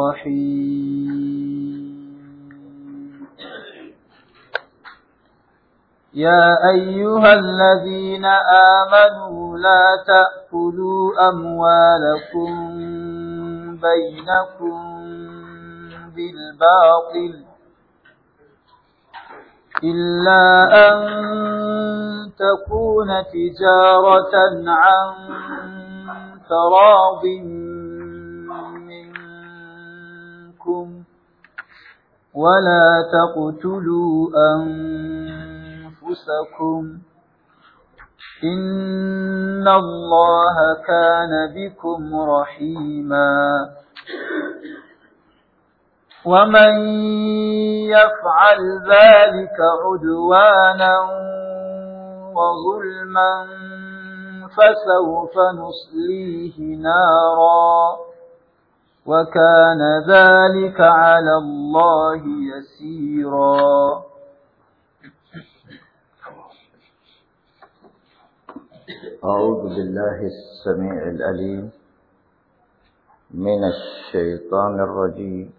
يا أيها الذين آمنوا لا تأكلوا أموالكم بينكم بالباطل إلا أن تكون تجارة عن تراضٍ ولا تقتلوا أنفسكم إن الله كان بكم رحيما ومن يفعل ذلك عدوانا وظلما فسوف نصليه نارا وكان ذلك على الله يسيرا أعوذ بالله السميع الأليم من الشيطان الرجيم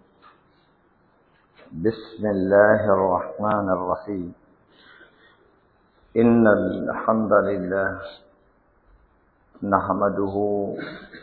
بسم الله الرحمن الرحيم إن الحمد لله نحمده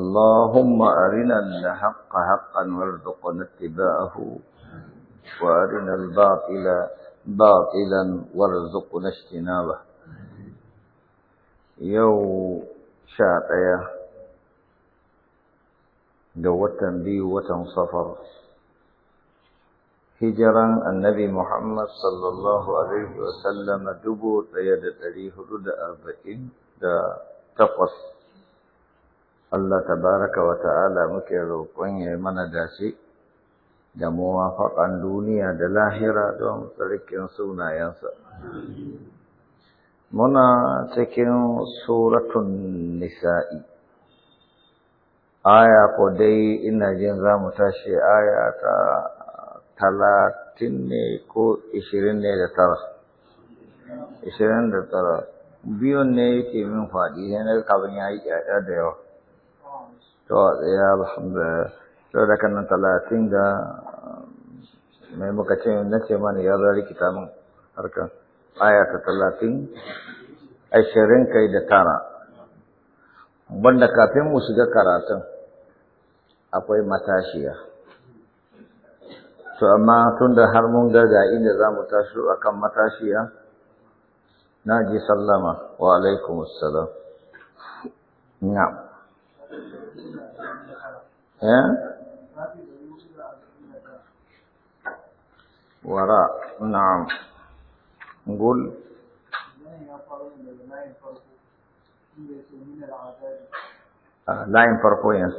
اللهم أرنا الحق حقا وارزقنا اتباعه وأرنا الباطل باطلا وارزقنا اجتنابه يو شاطية دوة تنبيه صفر هجرا النبي محمد صلى الله عليه وسلم دبو تيد تريه رد أربعين تقص Allah tabaraka wa ta'ala muke roƙon ya mana dace da muwafaƙan duniya da lahira don tsarkin sunayensa. Muna cikin suratun nisa'i. Aya ko dai ina jin za mu tashi aya ta talatin ne ko ishirin ne da tara. Ishirin da tara. Biyun ne yake min faɗi, sai na kabin ya yi ƙyaƙya da yawa. to ya alhamdulillah sau da kanan talatin da mai muka ce na ce mana ya zari kita min harkar aya ta talatin ashirin kai da tara banda kafin mu shiga karatun akwai matashiya to amma tun da har mun ga inda za mu tashi akan matashiya na ji sallama wa alaikumussalam na'am وراء نعم نقول آه، لا ينفرقوا ينس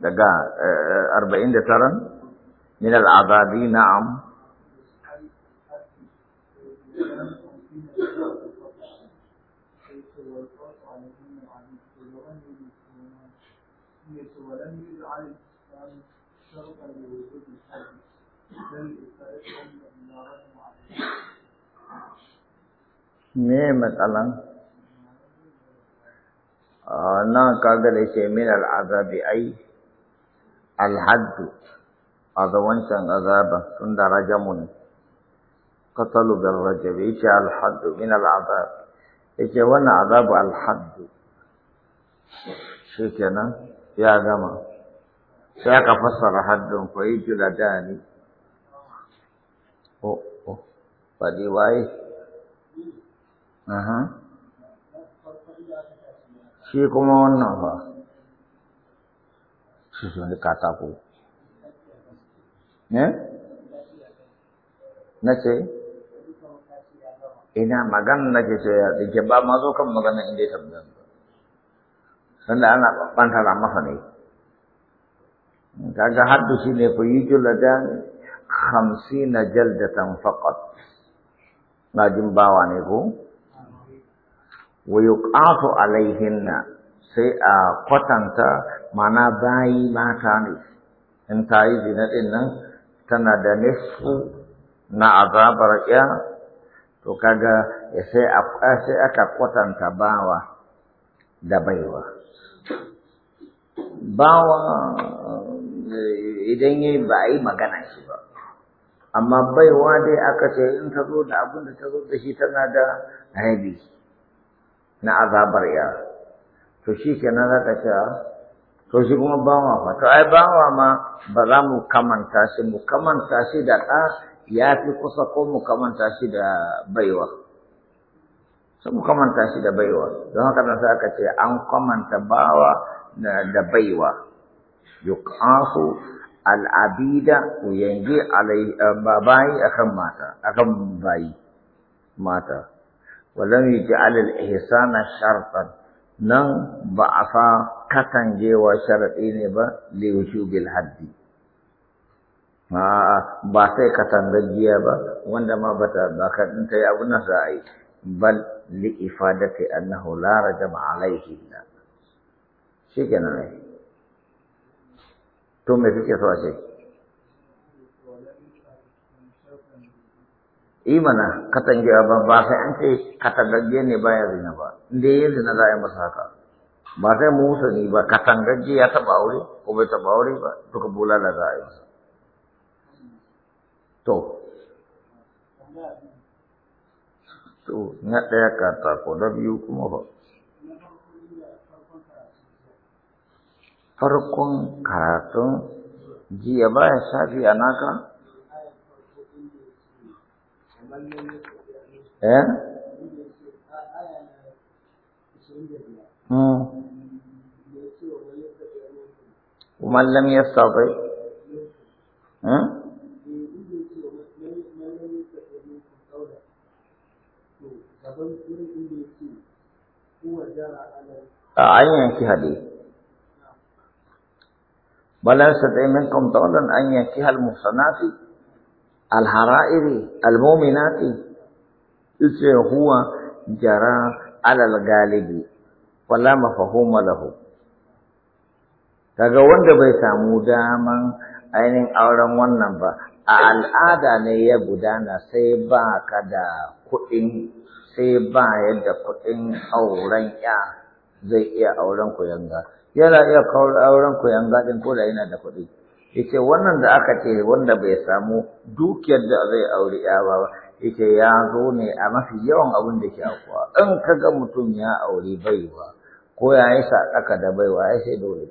دقا آه، آه، أربعين دترا من العذاب نعم ليس ولم يرد نعم، مثلا آه، نا قادر من العذاب أي الحد اذوان شان عذاب سند رجمون قتل بالرجب اسے الحد من العذاب اسے ون عذاب الحد شکنا ya gama sai aka fassara haddon kwayi juladani o oh, o oh. faɗi waye aha shi kuma wannan ba shi wani katako ne eh? na ce ina magana ke ce ya ɗike ba ma zo kan magana inda ya tabbata Sanda ana ɓantara masa ne kaga haddu shi ne fa yi juladan jaldatan faqat na jin bawa ne ko wa yuqatu alaihinna sai a kwatanta mana bayi mata ne in ta yi zina nan tana da nisfu na azabar ya to kaga sai aka kwatanta bawa da baiwa bawa idan yi ba a yi magana shi ba amma baiwa dai aka ce in ta zo da abin da ta zo da shi tana da haibi na azabar ya to shi ke za ka cewa ah, to shi kuma bawa fa to ai bawa ma ba za mu kamanta shi mu kamanta shi da ɗa ya fi kusa ko mu kamanta shi da baiwa sun kamanta shi da baiwa don haka nan sai aka ce an kamanta bawa da baiwa yuqafu al'abida yanzu eh, babayi akan mata akan bayi mata walam yaj'al alil ihsana shartan nan ba a fa katangewa sharadi ne ba li wujubil haddi ba sai katangajiya ba wanda ma bata ba ka din tayi abun nan za a bal لإفادة أنه لا رجم عليهن shi kenan ne to me kake so a ce imana katangewa ba ba sai an ce katangagge ne ba ya zina ba inda ya zina za a yi masa haka ba sai musa ne ba katangagge ya taba aure ko bai taba aure ba duka da za a yi masa to to na ɗaya katako na biyu kuma ba farkon karatun jiya ba ya shafi a naka? eh? Kuma hmm. sabai? a an yanki hade balansa dai min kam tawlan an yanki hal muhsanati al hara'iri al mu'minati yace huwa jara alal galibi wala mafahuma lahu kaga wanda bai samu daman ainihin auren wannan ba a al'ada ne ya gudana sai ba ka da kuɗin sai ba yadda kuɗin auren ya zai iya auren ku yanga. yana iya kawar auren ku yanga ɗin ko da yana da kuɗi yace wannan da aka ce wanda bai samu dukiyar da zai auri ya ba yace ya zo ne a mafi yawan abin da ke akuwa in ka ga mutum ya auri baiwa ko ya yi saɗaka da baiwa ya sai dole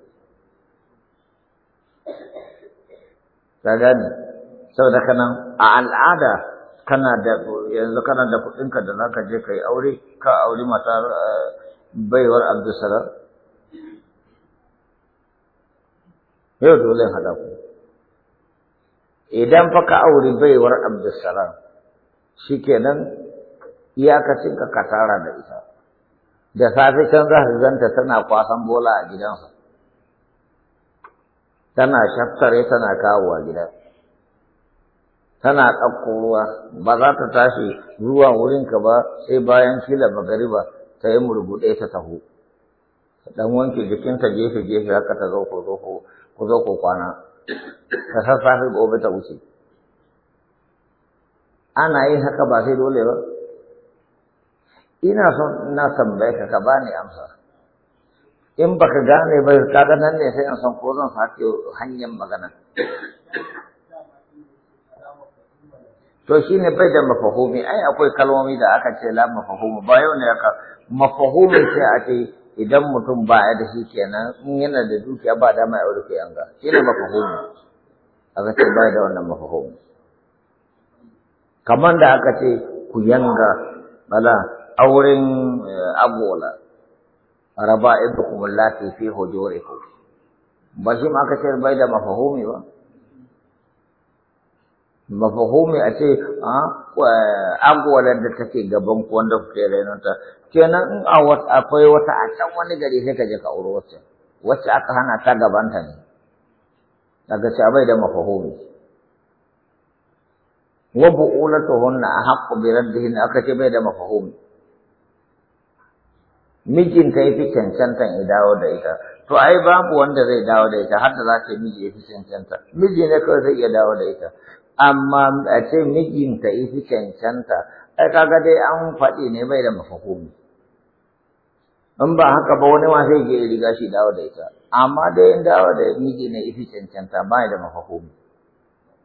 ka sau saboda kanan a al'ada kana da yanzu kana da kuɗinka da za ka je ka yi aure ka aure matar eh, baiwar abdulsalam yau dole haɗa ku idan fa ka aure baiwar abdulsalam shi kenan iyakacinka ka tara da ita da safe can za ka zanta tana kwasan bola a gidansa tana shaftare tana kawo a gidansa tana ɗauko ruwa ba za ta tashi ruwa wurinka ba sai bayan kila magariba ta yi murguɗe ta taho dan wanke jikinta gefe gefe haka ta zo ku zo ku kwana ta sassafe gobe ta wuce ana yin haka ba sai dole ba ina son ina tambaye ka ka bani amsa in baka gane ba kaga nan ne sai an san ko zan sake hanyar magana to shi shine bai da mafahumi ai akwai kalmomi da aka ce la mafahumi ba yau ne aka mafahumi sai a ce idan mutum ba ya da shi kenan in yana da dukiya ba da ya aure yanga. Shi ne mafahumi aka ce ba da wannan mafahumi kamar da aka ce ku yanga, bala auren eh, abola raba'idukum lati fi hujurikum ba shi ma aka ce bai da mafahumi ba mafahumi a ce ah, agwalar da take gaban ku wanda kuke rainonta kenan in a akwai wata a can wani gari sai ka je ka auri wacce wacce aka hana ta gabanta ne daga ce bai da mafahumi wa hunna ahaqqu bi raddihin aka ce bai da mafahumi mijinta fi cancanta ya dawo da ita to ai babu wanda zai dawo da ita har da za ta miji fi cancanta miji ne kawai zai iya dawo da ita amma a ce mijinta ifi cancanta ai kaga dai an faɗi ne bai da mafakomi in ba haka ba wani ma sai ya riga shi dawo da ita amma dai in dawo da miji ne ifi cancanta ba da mafakomi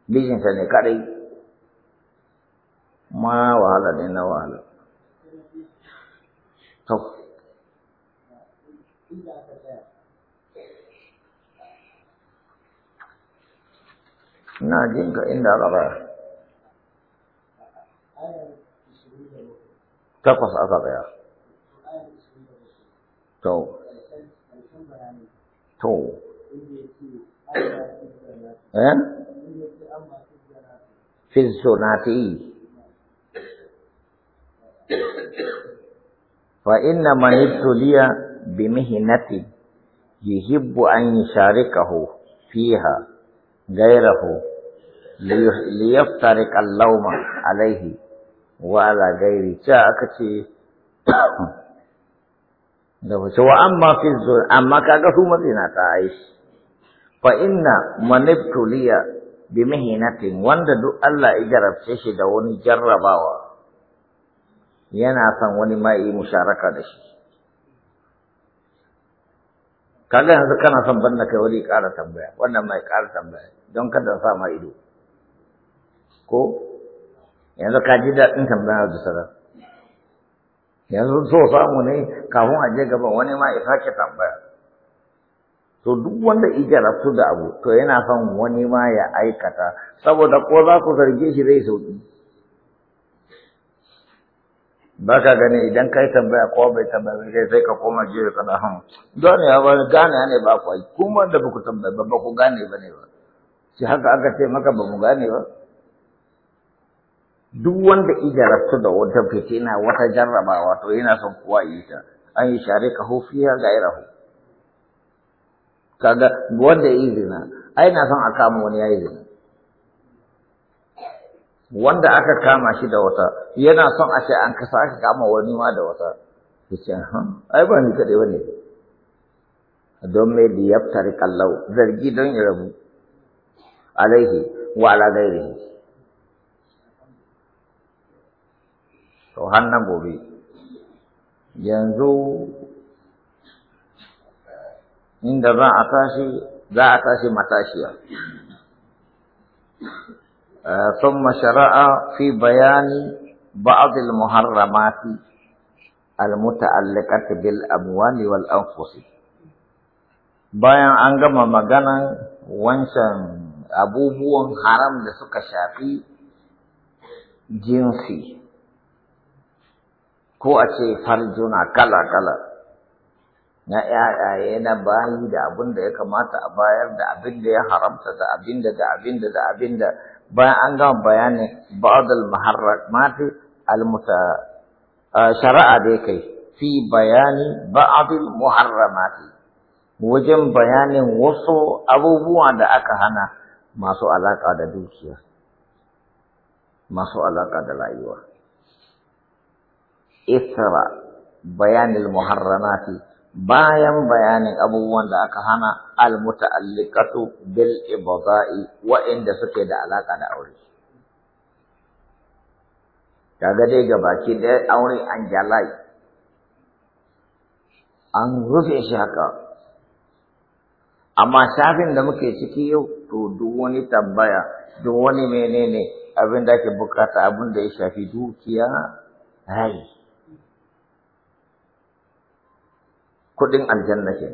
mijinta ne kadai ma wahala ne na wahala ناجينك نعم، إلا غبار تقص أطبع تو تو في الزناتي فإن من ابتلي بمهنتي يحب أن يشاركه فيها غيره ليفترق اللوم عليه وعلى غيره جاء كتي amma fi zur amma kaga su madina ta aishi fa inna man ibtuliya bi mihnatin wanda duk Allah ya jarabce shi da wani jarrabawa yana son wani ma'i da shi kaga yanzu kana son banda kai wani ƙara tambaya wannan mai ƙara tambaya don kada sa ma ido ko yanzu ka ji daɗin tambaya da sara yanzu so samu ne kafin a je gaba wani ma ya sake tambaya to duk wanda rasu da abu to yana son wani ma ya aikata saboda ko za ku zarge shi zai sauki ba ka gani idan kai tambaya ko bai tambaya kai sai ka koma jiya ka da hannu hmm, don ya ba gane ne ba kwai kuma da ba ku tambaya ba ba ku gane ba ne ba shi haka aka ce maka ba mu gane ba duk wanda ijarabtu da wata fitina wata jarrabawa to yana son kowa yi ta an yi share ka ya ga irahu kaga wanda yi zina ai na son a kama wani yayi zina wanda aka kama shi da wata yana son a ce an kasa aka kama wani ma da wata yace ha ai ba ni kadai bane don me liyaftari kallau zargi don ya rabu عليه وعلى غيره Tuhannan gobe, yanzu inda za a tashi, za a tashi matashiya. Sun mashara'a fi bayani ba'adil muharramati al-muta'allikat bil amwani wal anfusi. Bayan an gama maganan wancan abubuwan haram da suka shafi jinsi ko a ce farjuna kala-kala na yayaye na bayi da abin da ya kamata a bayar da abin da ya haramta da abin da da abin da da abin da bayan an gama bayanin ba'adul al almuta shari'a da kai fi bayani ba'adul muharramati wajen bayanin wasu abubuwa da aka hana masu alaƙa da dukiya masu alaƙa da rayuwa isra bayanil muharramati bayan bayanin abubuwan da aka hana almuta'alliqatu bil ibda'i wa'inda suke da alaƙa da aure kaga dai gabaki ɗaya aure an jalai an rufe shi haka amma shafin da muke ciki yau to duk wani tambaya duk wani menene abin da ake bukata abin da ya shafi dukiya Hai. kudin aljanna ke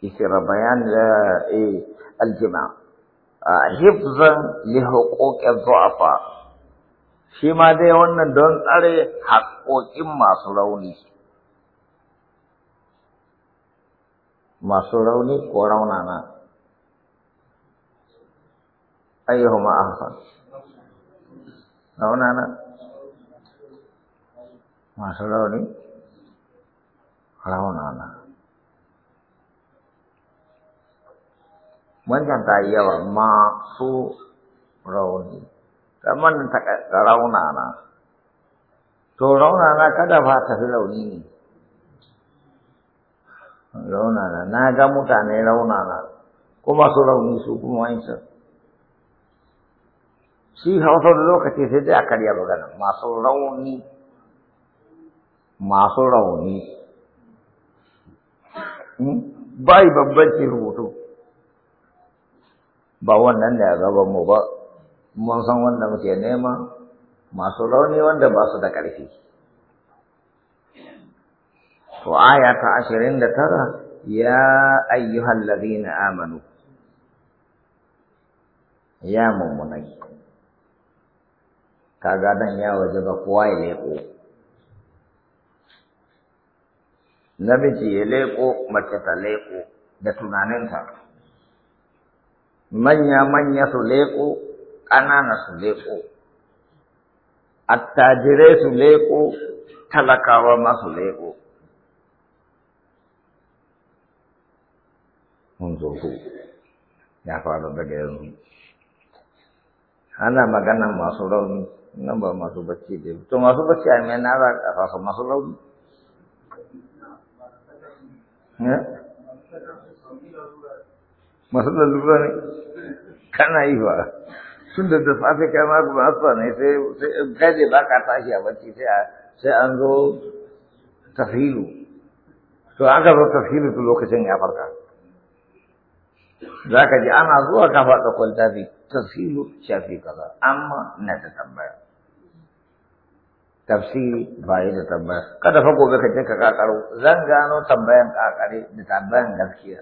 da bayan eh, eh, aljima hifzan li zuwa shi ma dai wannan don tsare haƙoƙin masu rauni masu rauni ko raunana ayyuhuma ahsan rauna na masu rauni rauna na wancan ta yi yawa masu rauni kamar ta rauna na to rauna na ta ne na na ga mutane rauna ko masu rauni su kuma wancan shi hausa da lokaci sai dai a karya magana masu rauni masu rauni hmm? bai babbanci rubutu ba wannan da ya gaban mu ba mun san wanda muke nema masu rauni wanda ba su da ƙarfi to aya ta ashirin da tara ya ayyuhallazina amanu ya mummunai kaga nan ya waje ba kowa ya leƙo namiji ya leƙo mace ta leƙo da tunaninta manya manya su leƙo ƙanana su leƙo attajirai su leƙo talakawa ma su leƙo mun zo ku ya faru daga yanzu ana magana masu rauni nan ba masu bacci da to masu bacci a mai na a masu rauni masu lalura ne kana yi ba sun da da safe kai ma ba asuwa ne sai sai gaje ba ka tashi a bacci sai sai an zo tafilu to aka zo tafilu to lokacin ya farka za ji ana zuwa ka faɗa kwalta shafi kaza amma na ta tambaya tafsiri ba yi da tambaya kada fa gobe ka je ka kakaro zan gano tambayan kakare da tambayan gaskiya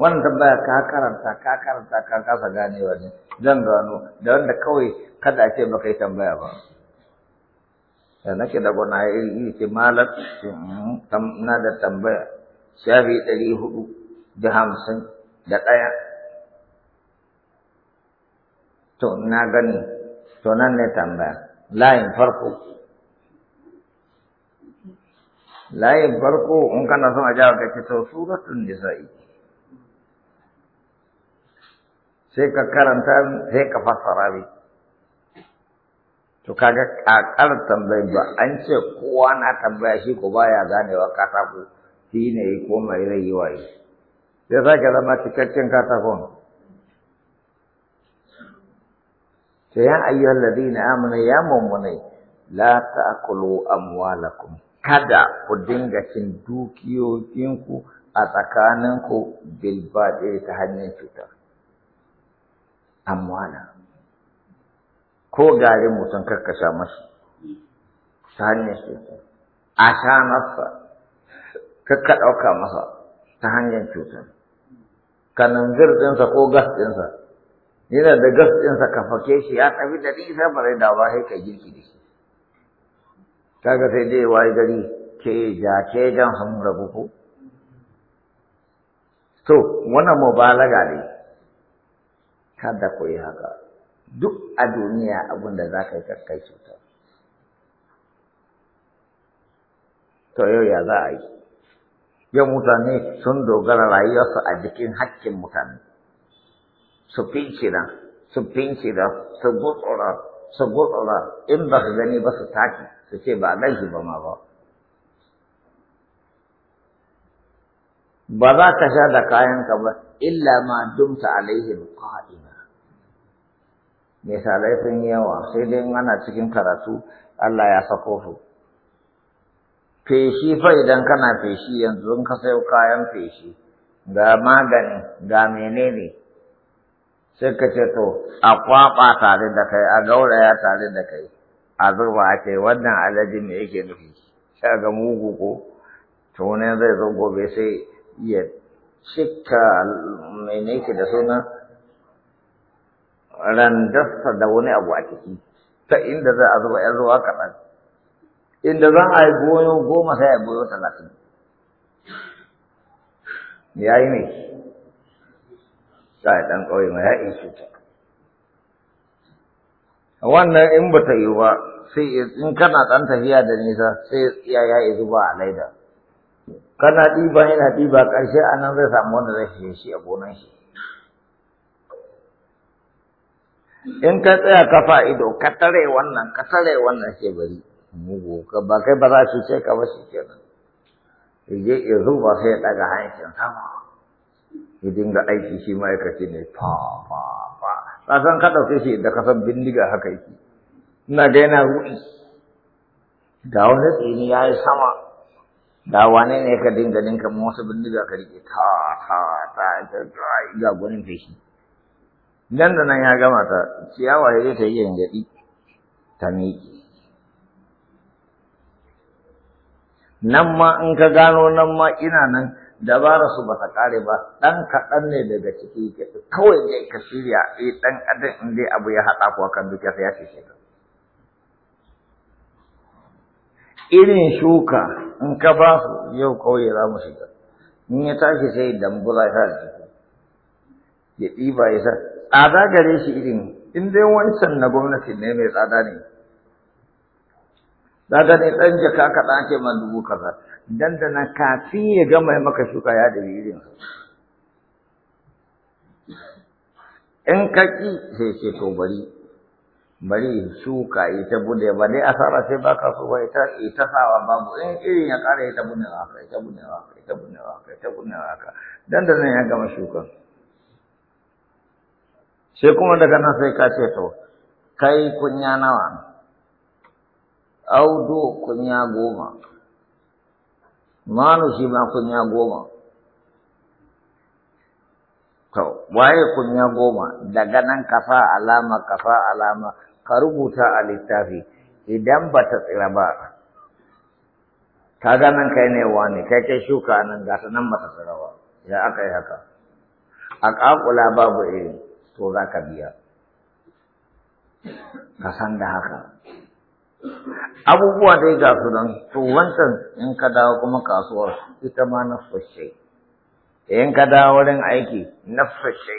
wannan tambaya ka karanta ka karanta ka kasa ganewa ne zan gano da wanda kawai kada a ce baka yi tambaya ba da nake da gona iri ce malar mm, na da tambaya shafi ɗari hudu da hamsin da ɗaya to na gani to nan ne tambaya layin farko layin farko in kana son a jawo ka ce to suratun nisa'i sai ka karanta sai ka fassara ne to kaga kakar tambayi ba an ce kowa na tambaya shi ko baya ganewa katako shi ne ko mai rayuwa yi sai sake zama cikakken katakon sai ya ayyuhal ladina amanu ya mummunai la ta'kulu amwalakum kada ku dinga cin dukiyoyinku a tsakaninku bil batil ta hanyar cuta amwala ko garin mutum karkasa masa ta hanyar cuta a sha masa kakka ɗauka masa ta hanyar cuta kanan zirɗinsa ko gas ɗinsa yana da gas ɗinsa ka fake shi ya tafi da nisa ba zai dawo sai ka girki da shi kaga sai dai wai gari ke ja ke jan hannu rabu ko to wannan mubalaga ne kada ku yi haka duk a duniya abin da za ka yi kakkai cuta to yau ya za a yi yau mutane sun dogara rayuwarsu a jikin haƙƙin mutane su fincina su fincina su su in ba ka gani ba su taki su ce ba gan shi ba ma ba ba za ka sha da kayanka ba illa ma dumta alaihim qa'ima misalai sun yi yawa sai dai ana cikin karatu Allah ya sako su feshi fa idan kana feshi yanzu in ka sayo kayan feshi ga magani ga menene sai ka ce to a kwaba tare da kai a gauraya tare da kai a zuba a ce wannan alaji ne yake nufi sai ga mugu ko to zai zo gobe sai ya cika mai yake da suna randasta da wani abu a ciki ta inda za a zuba ‘yan ruwa kaɗan inda za a yi goyo goma sai a goyo talatin ya yi ne sai ɗan ƙauye ma ya ishe ta wannan in ba ta yi ba sai in kana ɗan tafiya da nisa sai ya ya yi ba a laida kana ɗiba yana ɗiba ƙarshe a nan zai samu wanda zai shiga shi a gonan shi in ka tsaya kafa ido ka tare wannan ka tare wannan sai bari mugu ka ba kai ba za su ce ka ba shi kenan ya je ya zuba sai ya ɗaga hancin sama ya dinga aiki shi ma'aikaci ne fa fa fa san ka ɗauke shi da kasan bindiga haka yake ina ga yana ruɗi ga wani tsini ya yi sama ga wani ne ka dinga dinka wasu bindiga ka rike ta ta ta ta ta ga gwanin feshi nan da nan ya gama ta ciyawa ya zai ta yi gaɗi ta miƙe nan ma in ka gano nan ma ina nan dabara su ba ta kare ba dan kaɗan ne daga ciki ke kawai ne ka shirya eh dan adam in dai abu ya haɗa ku kan duk ya ce ka irin shuka in ka ba su yau kawai za mu shiga in ya tashi sai dambula ya ji ya ɗiba ya sa tsada gare shi irin in dai wancan na gwamnati ne mai tsada ne Daga ne ɗan jaka ka ɗan ce man dubu kaza. Dandana kafi ya gama maka shuka ya da irin. In ka ƙi sai ce to bari. Bari shuka ita bude ba dai asara sai ba ka so ba ita ita sawa babu in irin ya ƙara ita bude haka ita bude haka ita bude haka ita bude da Dandana ya gama shuka Sai kuma daga nan sai ka ce to kai kunya nawa. audu kunya goma manu shi ma kunya goma to waye kunya goma daga nan kafa alama kafa alama ka rubuta a littafi idan ba ta tsira ba ka ga nan kai ne wani kai kai shuka nan ga ta nan ba ta tsira ba ya aka yi haka a ƙaƙula babu iri to za ka biya ka san da haka abubuwa dai ga su nan to wancan in ka dawo kuma kasuwar ita ma na fashe in ka dawo wurin aiki na fashe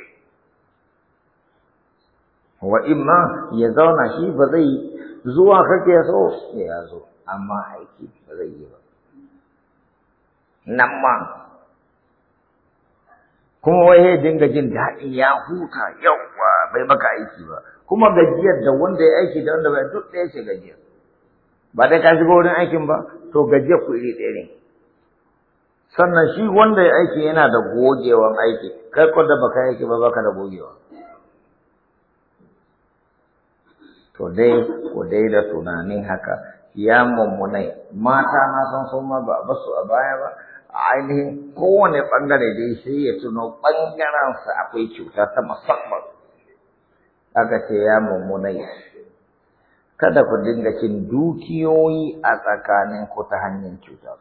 wa imma ya zauna shi ba zai zuwa kake so ya zo amma aiki ba zai yi ba nan ma kuma wai ya dinga jin daɗi ya huta yauwa bai maka aiki ba kuma gajiyar da wanda ya aiki da wanda bai duk ɗaya ce gajiyar ba dai ka shigo wurin aikin ba to gajiyar ku iri ɗaya ne sannan shi wanda ya aiki yana da gogewan aiki kai ko da baka aiki ba baka da gogewa to dai ko dai da tunanin haka ya mummunai mata na san su ma ba basu a baya ba a ainihin kowane bangare dai sai ya tuno sa akwai cuta ta musamman aka ce ya mummunai kada ku dinga cin dukiyoyi a tsakanin ku ta hanyar cuta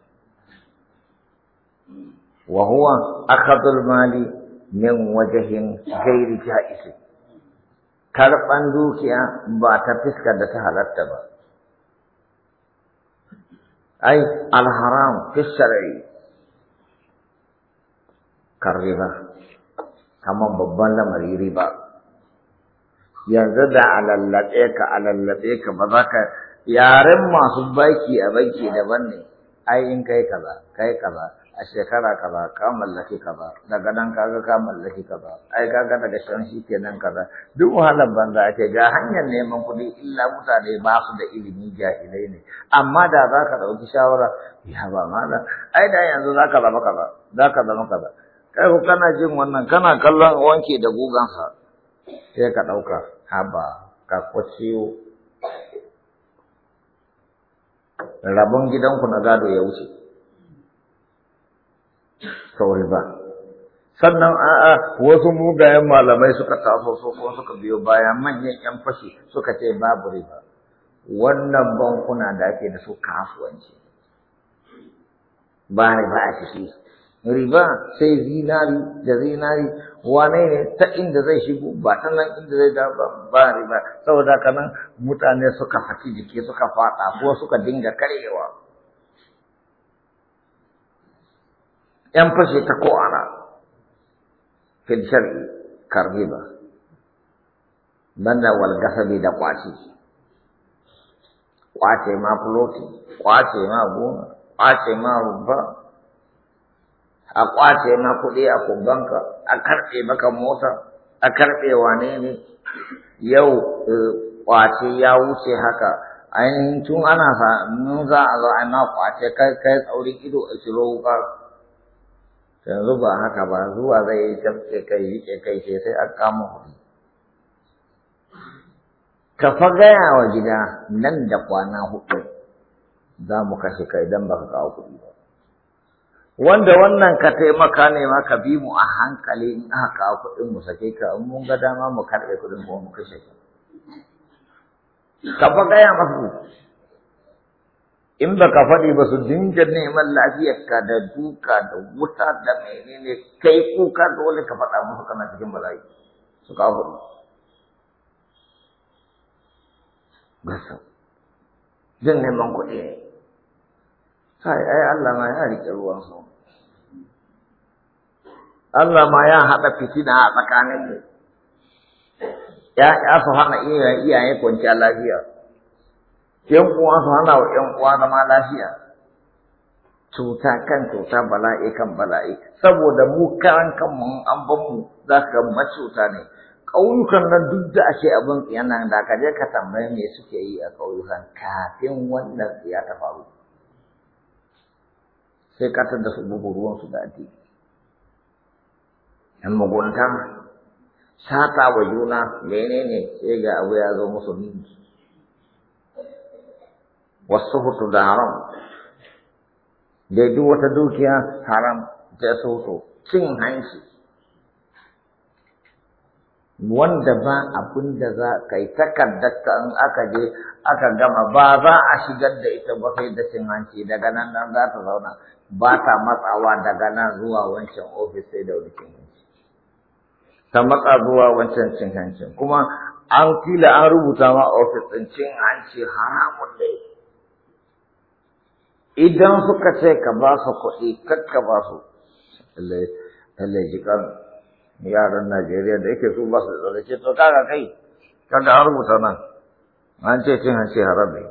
wa huwa akhadul mali min wajhin ghairi jaiz karban dukiya ba ta fiskar da ta halatta ba ai alharam fi shar'i karriba kamar babban lamari riba yanzu da lallaɓe ka lallaɓe ka ba za ka yaren masu baki a banki daban ne ai in kai kaza kai kaza a shekara kaza ka mallaki kaza daga nan kaga ka mallaki kaza ai kaga daga shan shi kenan kaza duk wahalar banza ake ga hanyar neman kuɗi illa mutane ba su da ilimi jahilai ne amma da za ka ɗauki shawara ya ba da. ai da yanzu za ka zama kaza za ka zama kaza kai ko kana jin wannan kana kallon wanke da gugansa sai ka ɗauka haba ka siyo rabon gidanku na gado ya wuce kawai ba sannan a'a wasu mugayen malamai suka taso so ko suka biyo baya manyan yan fashi suka ce babu riba wannan bankuna da ake da su kasuwanci ba riba a ciki riba sai zinari da zinari wane ne ta inda zai shigo ba ta nan inda zai da ba ba riba saboda haka nan mutane suka saki jiki suka fada ko suka dinga karewa. yan fashe ta ana fil shar'i karbiba banda wal gasabi da kwaci kwace ma fuloti kwace ma gona kwace ma rubba a kwace na kuɗi a kubanka a karɓe maka mota a karɓe wane ne yau eh, kwace ya wuce haka ainihin tun ana sa nun za a zo a ma kwace kai kai tsaurin ido a shiro wuka yanzu ba haka ba zuwa zai yi tafke kai rike kai ke sai an kama hudu ka fa gaya wa gida nan da kwana hudu za mu kashe kai, don ba ka kawo kuɗi ba wanda wannan ka taimaka ne ma ka bi mu a hankali in aka kawo kuɗin mu sake ka in mun ga dama mu karɓe kuɗin ko mu kashe ka ka fa gaya masu in baka faɗi ba su dinga neman lafiyarka da duka da wuta da menene kai kuka dole ka faɗa musu kana cikin bala'i su ka faɗi gasa jin neman kuɗi ne sai ai Allah ma ya rike ruwan sama Allah ma ya haɗa fitina a tsakanin ya su hana iyaye kwanciya lafiya yan uwa su hana wa yan uwa zama lafiya cuta kan cuta bala'i kan bala'i saboda mu karan kanmu an ban za ka cuta ne ƙauyukan nan duk da ake abin tsiyanan da ka je ka tambaye me suke yi a ƙauyukan kafin wannan ya ta faru sai ka da su bugu ruwansu da addini yan mugunta sata wa juna menene sai ga abu ya zo musu ninki wasu hutu da haram da wata dukiya haram ta soto cin hanci wanda ba abin da za ka yi takardarta in aka je aka gama ba za a shigar da ita ba sai da cin hanci daga nan nan za ta zauna ba ta matsawa daga nan zuwa wancan ofis sai da wani cin hanci ta matsa zuwa wancan cin hancin kuma an kila an rubuta ma ofis ɗin cin hanci haramun ne idan suka ce ka ba su kuɗi kar ka ba su lallai jikan yaran Najeriya da yake su ba su da ce to kaga kai kada an rubuta nan an ce cin hanci haram ne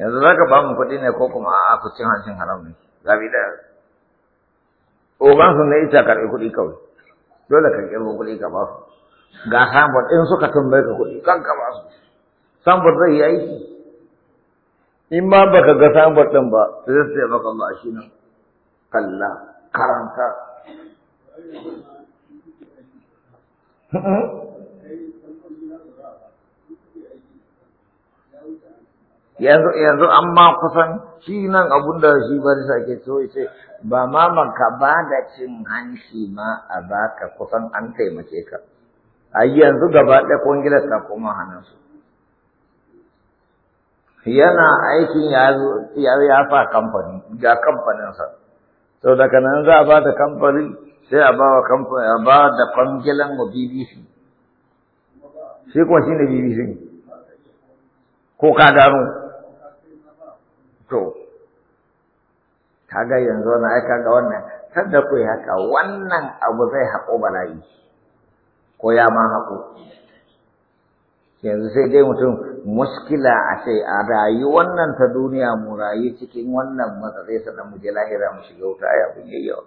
yanzu ka ba mu kuɗi ne ko kuma a ku cin hancin haram ne zabi da ba su ne ita karɓi kuɗi kawai dole ka kirgo kuɗi ka ba su ga Sambar in suka tambaye ka kuɗi kan ka ba su Sambar zai yi aiki in ma baka ga Sambar ɗin ba zai sai maka ba shi nan kalla karanta yanzu yanzu amma kusan shi nan abun da shi bari sake so ce ba ma maka ba da cin hanci ma a baka kusan an taimake ka a yanzu gaba ɗaya kungilar ta kuma hannun su yana aikin ya ya fa kamfani ga sa to daga nan za a ba da kamfani sai a ba wa kamfani a ba da kwangilan wa bbc shi kuma shi ne bbc ko ka gano to kaga yanzu na aika ga wannan sanda ku haka wannan abu zai haƙo bala'i ko ya ma haƙo yanzu sai dai mutum muskila a ce a rayu wannan ta duniya mu rayu cikin wannan matsatsai sannan mu je lahira mu shiga wuta ya abin yayyo.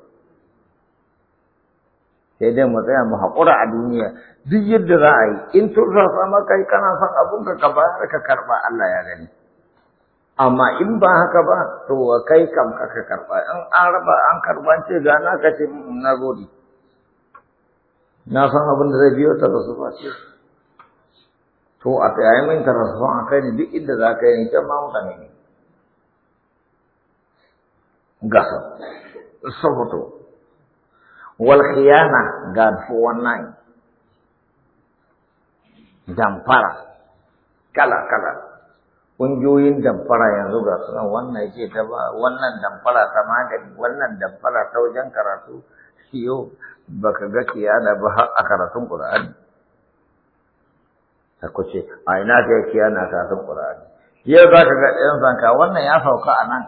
sai dai mu tsaya mu haƙura a duniya duk yadda za a yi in tun sa kai kana son abun ka ka bayar ka karɓa Allah ya gani amma in ba haka ba to kai kam ka karba in an raba an karbance ga na ka ce mm, na gode na san abin da zai biyo ta rasu ba ce to a tsaye min ta rasu a kai ne duk inda za ka yi ta ma mutane ne gasa saboto wal khiyana ga 419 damfara kala kala ƙungiyoyin damfara yanzu ga suna wannan ce ta ba wannan damfara ta magani wannan damfara ta wajen karatu yau ka ga kiyana ba har a karatun ƙura'ani ta kuce a ina ka ta kiyana karatun Qur'ani yau za ka ga ɗayan zanka wannan ya sauka a nan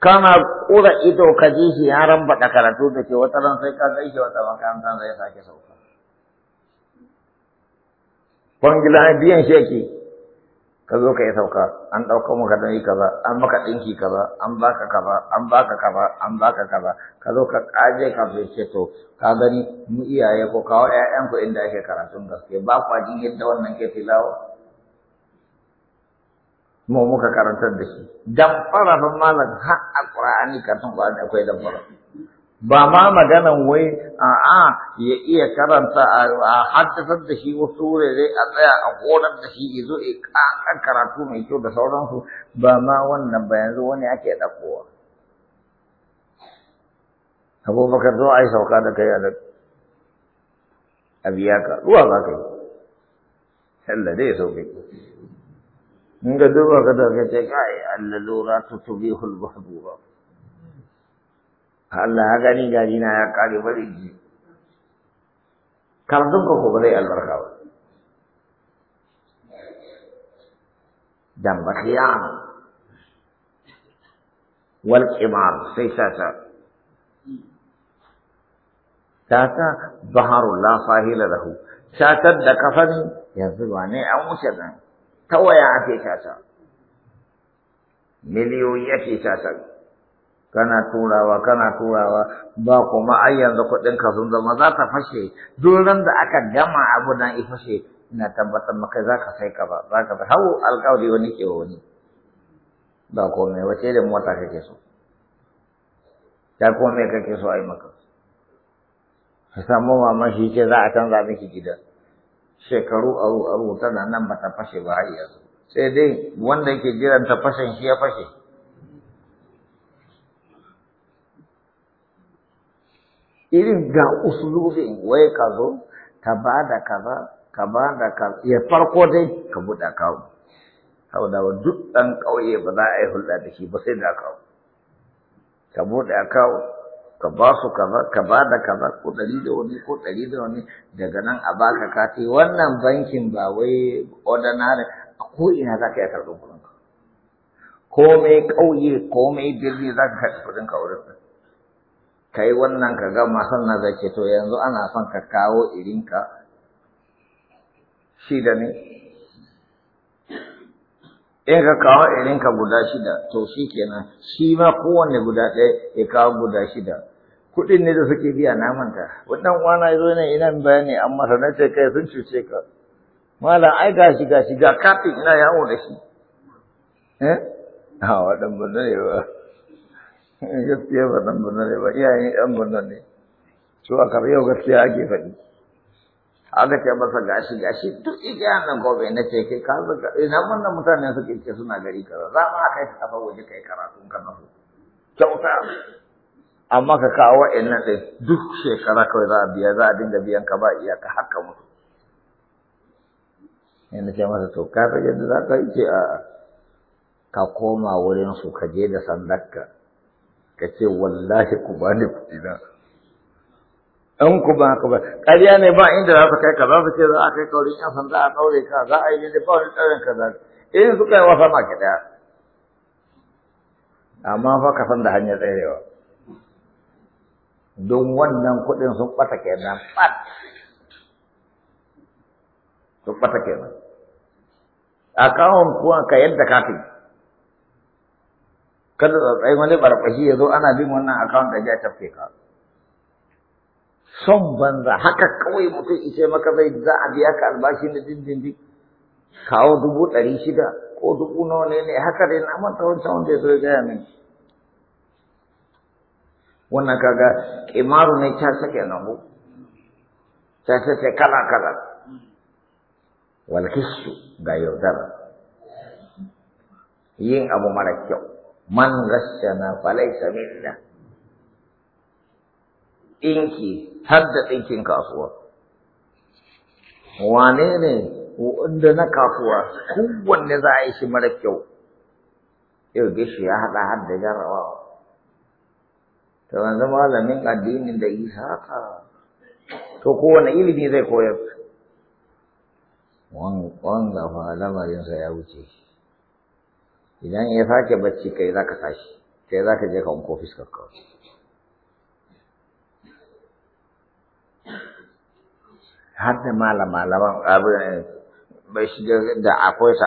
kana ƙura ido ka ji shi ya rambaɗa karatu da ke wata ran sai ka gaishe wata makaranta zai sake sauka. Kwangila biyan shi ka zo ka yi sauka an ɗauka maka nauyi kaza an maka ɗinki kaza an baka kaza an baka kaza an baka kaza ka zo ka kaje ka fice to ka gani mu iyaye ko kawo ƴaƴanku inda ake karatun gaske ba kwa jin yadda wannan ke tilawa mu muka karantar da shi damfara ban malam har a ƙur'ani ba ni akwai damfara ba ma maganan wai a'a ya iya karanta a haddasar da shi wasu wurare a tsaya a horar da shi ya zo a karatu mai kyau da sauransu ba ma wannan ba yanzu wani ake ɗaukowa. abubakar zo a yi sauka da kai a biya ka zuwa za ka yi Allah dai ya sauke in ga duba ka da ka ce kai Allah lura tutubi ba. Allah ya gani gari ya kare bari ji karatun ka ko ba zai albarka ba dan ba wal qimar sai sata sata baharu la sahila lahu satar da kafani yanzu ba ne an wuce nan ta waya ake sata miliyoyi ake sata kana turawa kana turawa ba kuma ai yanzu kuɗin ka sun zama za ta fashe duran da aka gama abu nan i fashe ina tabbatar maka za ka sai ka ba za ka hau alƙawari wani ke wani ba komai wace da mota kake so ta komai kake so ai maka ka samu mama shi ce za a canza miki gida shekaru aru aru tana nan ba ta fashe ba har yanzu sai dai wanda yake jiran ta fashe shi ya fashe irin ga usulubin wai ka zo ka ba da kaza ka ba da kaza ya farko dai ka buɗa kawo saboda wa duk ɗan ƙauye ba za a yi hulɗa da shi ba sai da kawo ka buɗa kawo ka ba su kaza ka ba da kaza ko ɗari da wani ko ɗari da wani daga nan a baka kati wannan bankin ba wai ordinary a ko ina za ka iya karɓar Ko komai ƙauye komai birni za ka karɓi ka wurin kai wannan ka gama sannan na ce to yanzu ana son ka kawo irinka shida ne in ka kawo irinka guda shida to shi kenan shi ma kowanne guda ɗaya ya kawo guda shida kuɗin ne da suke biya na manta wannan kwana ya zo ne ina bayani an masa ce kai sun cuce ka malam ai ga shiga ga kafin ina yawo da shi eh a waɗanda ne ba gaskiya ba dan ne ba iyayen yan Borno ne su a kar yau gaskiya ake faɗi aka kai masa gashi gashi duk igiya nan gobe na ce kai ka ina wannan mutane suke ce suna gari kaza za ma kai ka fa waje kai karatu? ka nasu kyauta amma ka kawo wa'annan ɗin duk shekara kawai za a biya za a dinga biyan ka ba iyaka haka mutu yana ce masa to ka da za ka yi ce a ka koma wurin su ka je da sandarka ka ce wallahi ku ba ni kuɗina in ku ba ka ba ƙarya ne ba inda za su kai ka za su ce za a kai kaurin san sanda a ɗaure ka za a yi ne ba wani tsarin ka za in su kai wasa ma ki ɗaya amma fa ka san da hanyar tsayawa don wannan kuɗin sun ɓata kenan ɓat sun ɓata kenan a kawon kuwa ka yadda kafin kada tsatsai wani barbashi ya zo ana bin wannan akawun da ya tafke ka son banza haka kawai mutum ishe maka zai za a biya ka albashi na dindindin kawo dubu ɗari shida ko dubu nawa ne ne haka dai na manta wancan wanda ya zo ya gaya min wannan kaga kimaru ne ta sake nahu ta sake kala kala wal ga yaudara yin abu mara kyau man rashana falaysa minna Dinki, har da ɗinkin kasuwa wane ne wanda na kasuwa kowanne za a yi shi mara kyau yau gishi ya haɗa har da jarrabawa ta wanzu malamin addinin da isa haka to kowane ilimi zai koyar wanga fa lamarinsa ya wuce shi idan ya sake bacci kai za ka tashi kai za ka je ka wanko fuskar kawai har da malama-malaman bai da akwai ta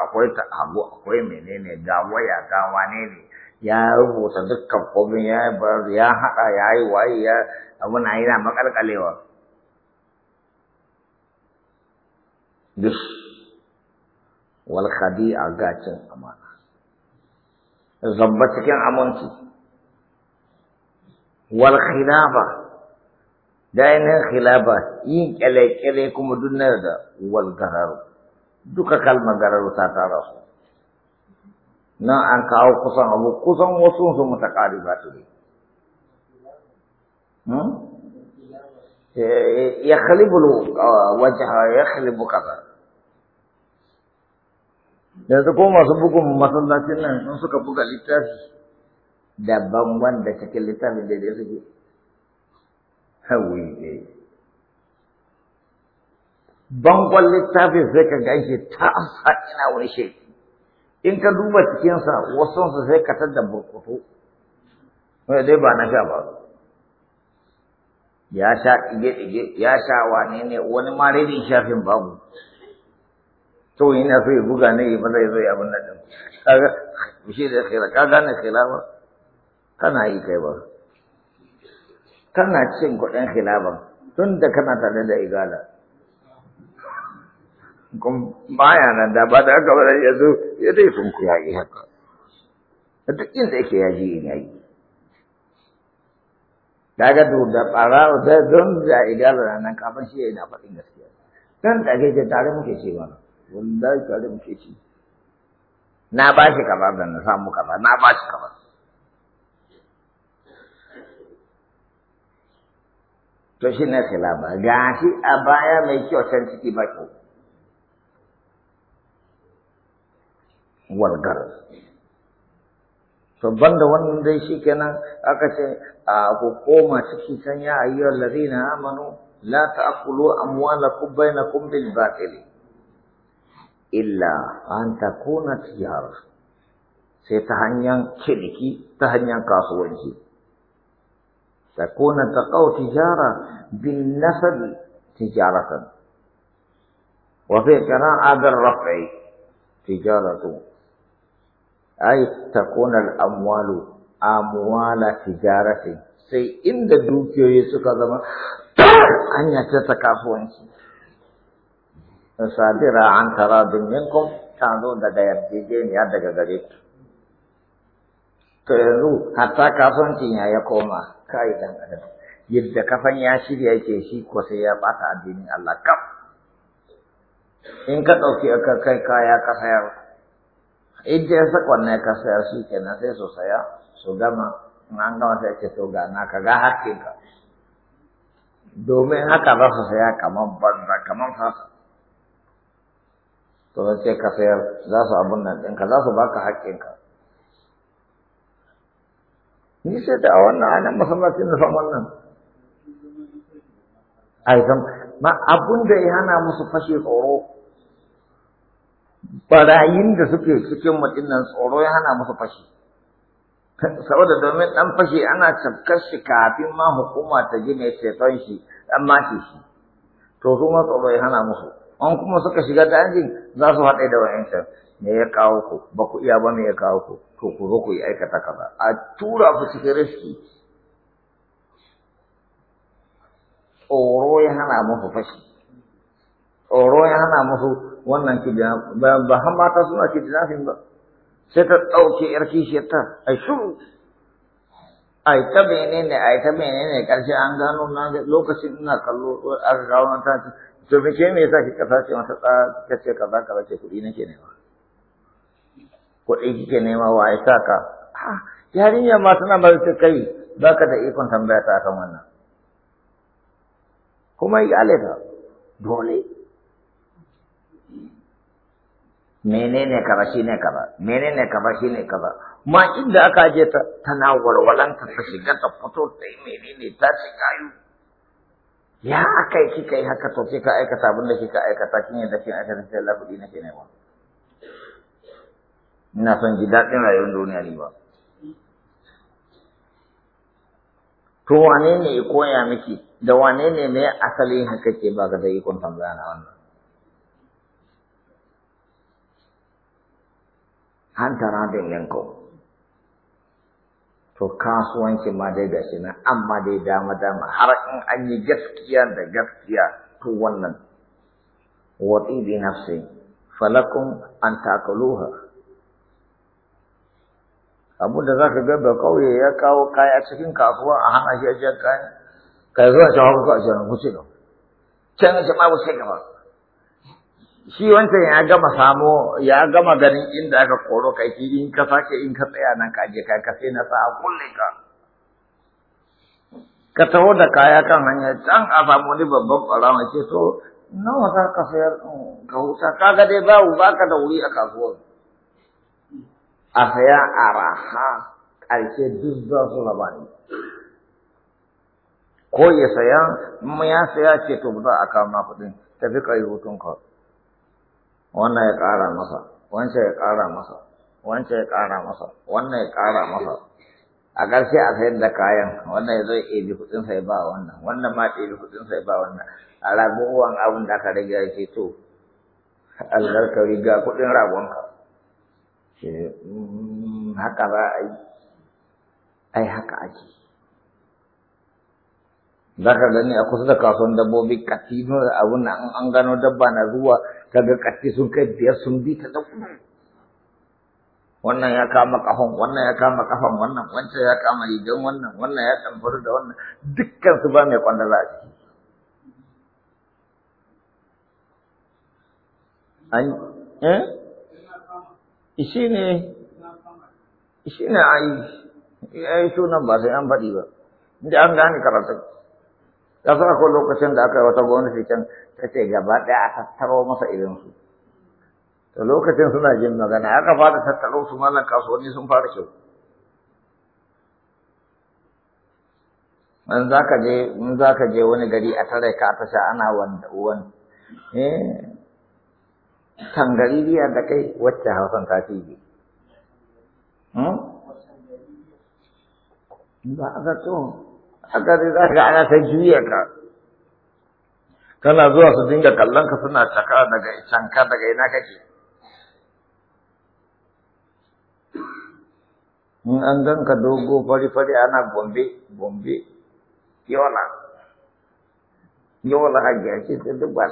akwai ta abu akwai menene ga waya ga wane ne ya rubuta dukkan komai ya bar ya haɗa ya yi waye ya abu na yana makalkalewa duk wal khadi'a gacin amana zabba cikin aminci wal khilafa da khilafa yin kyale-kyale kuma dunnar da wal gararu duka kalmar gararu ta tara su nan an kawo kusan abu kusan wasu su mutakari ba su ne hmm? eh, ya khalibu ah, wajha ya khalibu kaza yanzu ko masu bugun masallacin nan sun suka buga littafi daban wanda cikin littafin da dai suke hawi dai eh. bangon littafi sai ka ganshi ta asa ina wani sheki in ka duba cikinsa wasu sun sai ka tada burkutu wai dai ba na sha ba ya sha ɗige-ɗige ya sha wane ne wani ma rabin shafin babu to yana so ya buga ne ya maza ya zo ya abin nan din kaga shi da khira ka gane khilafa kana yi kai ba kana cin kuɗin khilafa tun da kana tare da igala kun baya nan da ba da aka bada ya zo ya dai sun ku yayi haka duk inda yake ya ji yayi daga to da ɓarawa sai don da igala nan kafin shi yana faɗin gaskiya dan da ke tare muke cewa wallahi da muke ci na ba shi kaza da na samu kaza na ba shi kaza to shi ne silaba ga shi a baya mai kyau can ciki ba kyau walgar to banda wannan dai shi kenan aka ce a ku koma ciki can ya ayyuhal ladina amanu la ta'kulu amwalakum bainakum bil batili إلا أن تكون تجارة سيتهنيان تهن يان كاسوانشي تكون تقو تجارة بالنسب تجارة وفي قراءة بالرفع تجارة أي تكون الأموال أموال تجارة سي إن دوكيو يسوك زمان أن يتتكافوانشي sadira an taradun minkum ta zo daga yarjejeniya daga gare ku to yanzu hatta kasuwancin ya ya koma kai dan adam yadda kafan ya shirya yake shi ko sai ya bata addinin Allah kam in ka ɗauki aka kai kaya ka sayar in ya sakon ne ka sayar shi kenan sai su saya su gama in an gama sai ce so ga na ka ga domin haka za su saya kamar banza kamar fasa to sai ka sayar za su abun nan ɗinka za su baka haƙƙinka ni sai da a wannan anan masallaci na saman wannan ai kam ma abun da ya hana musu fashe tsoro barayin da suke cikin mutum nan tsoro ya hana musu fashe saboda domin ɗan fashe ana tafkar shi kafin ma hukuma ta ji mai ceton shi ɗan mace shi to su ma tsoro ya hana musu an kuma suka shiga dajin za su haɗe da wa'ancan me ya kawo ku ba ku iya ba me ya kawo ku to ku zo ku yi aikata kaza a tura ku cikin riski tsoro ya hana musu fashi tsoro ya hana musu wannan kidnap ba har mata suna kidnapping ba sai ta ɗauke yar kishiyarta a shuru a yi ta menene a yi ta menene karshe an gano na lokacin ina kallo aka kawo ta to me ke me yasa ki kasa ce masa tsa ka ce ka kaza ce kuɗi nake nema kuɗin kike nema wa ya saka a ah, yarinya ma tana ba ta kai baka da ikon tambaya ta akan wannan kuma ya leta dole menene ne shine ba menene ne shine ba ma inda aka je ta tana walwalanta ta shiga ta fito ta yi menene ta shiga yau ya aka yi kika yi haka to kika aikata abin da kika aikata kin yadda kin aikata sai Allah kudi nake nema ina son ji dadin rayuwar duniya ne ba to wane ne ya koya miki da wane ne mai asalin haka ke ba ka da ikon tambaya na wannan An tara da yanko to kasuwancin ma dai shi nan amma dai dama dama har in an yi gaskiya da gaskiya to wannan wati bi nafsi falakum an takaluha abu da zaka ga da kauye ya kawo kaya cikin kasuwa a hana shi ajiyar kaya kai zuwa shi hauka a shi ku ce can shi ma ku sai gaba shi wancan ya gama samo ya gama ganin inda aka koro kai in ka sake in ka tsaya nan ka je kai ka sai na sa kulle ka ka taho da kaya kan hanya can a samu wani babban ɓarawa ce to nawa za ka sayar ka huta ga dai babu ka da wuri a kasuwar a saya a raha ƙarshe duk za su raba ko ya saya ya saya ce to ba za a kama kuɗin tafi ka yi ka. wannan ya ƙara masa wancan ya ƙara masa wancan ya ƙara masa wannan ya ƙara masa a ƙarshe a sayar da kayan wannan ya zo ya ɗebi kuɗin sai ba wannan wannan ma ɗebi kuɗin sai ba wannan a raguwan abin da aka rage ake to algarkari ga kuɗin ragonka mm, haka za a yi ai haka ake za ka gani a kusa da kasuwan dabbobi katino da abun nan an gano dabba na zuwa kaga katti sun kai biyar sun bi ta da wannan ya kama kafan wannan ya kama kafan wannan wancan ya kama rigan wannan wannan ya tamfaru da wannan dukkan su ba mai kwandala a ciki an eh shi ne shi ne ai ai sunan ba sai an faɗi ba inda an gane karatu ya sa ko lokacin da aka yi wata gwamnati can ta ce gaba ɗaya a tattaro masa irinsu to lokacin suna jin magana aka fara tattaro su mallan kasuwanni sun fara kyau in za ka je in za ka je wani gari a tare ka ta sha ana wanda uwan eh tangaririya da kai wacce hausan ta fi hmm? ba a zato haka dai za ka ana ta juya ka kana zuwa su dinga kallon ka suna caka daga canka daga ina kake in an gan ka dogo fari fari ana gombe gombe yola yola hajiya ta duk ba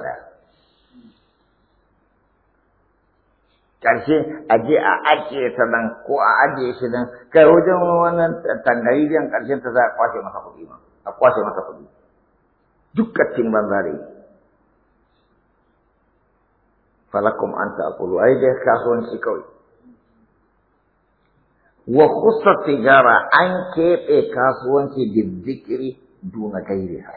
ƙarshe a je a ake ta nan ko a ajiye shi nan kai wajen wannan tangaridiyan ƙarshen ta za a kwashe masa kuɗi ma a kwashe masa kuɗi dukkan banza da yi falakum an ta'kulu ai dai kasuwanci kawai wa khussa tijara an keɓe kasuwanci da zikiri duna gairiha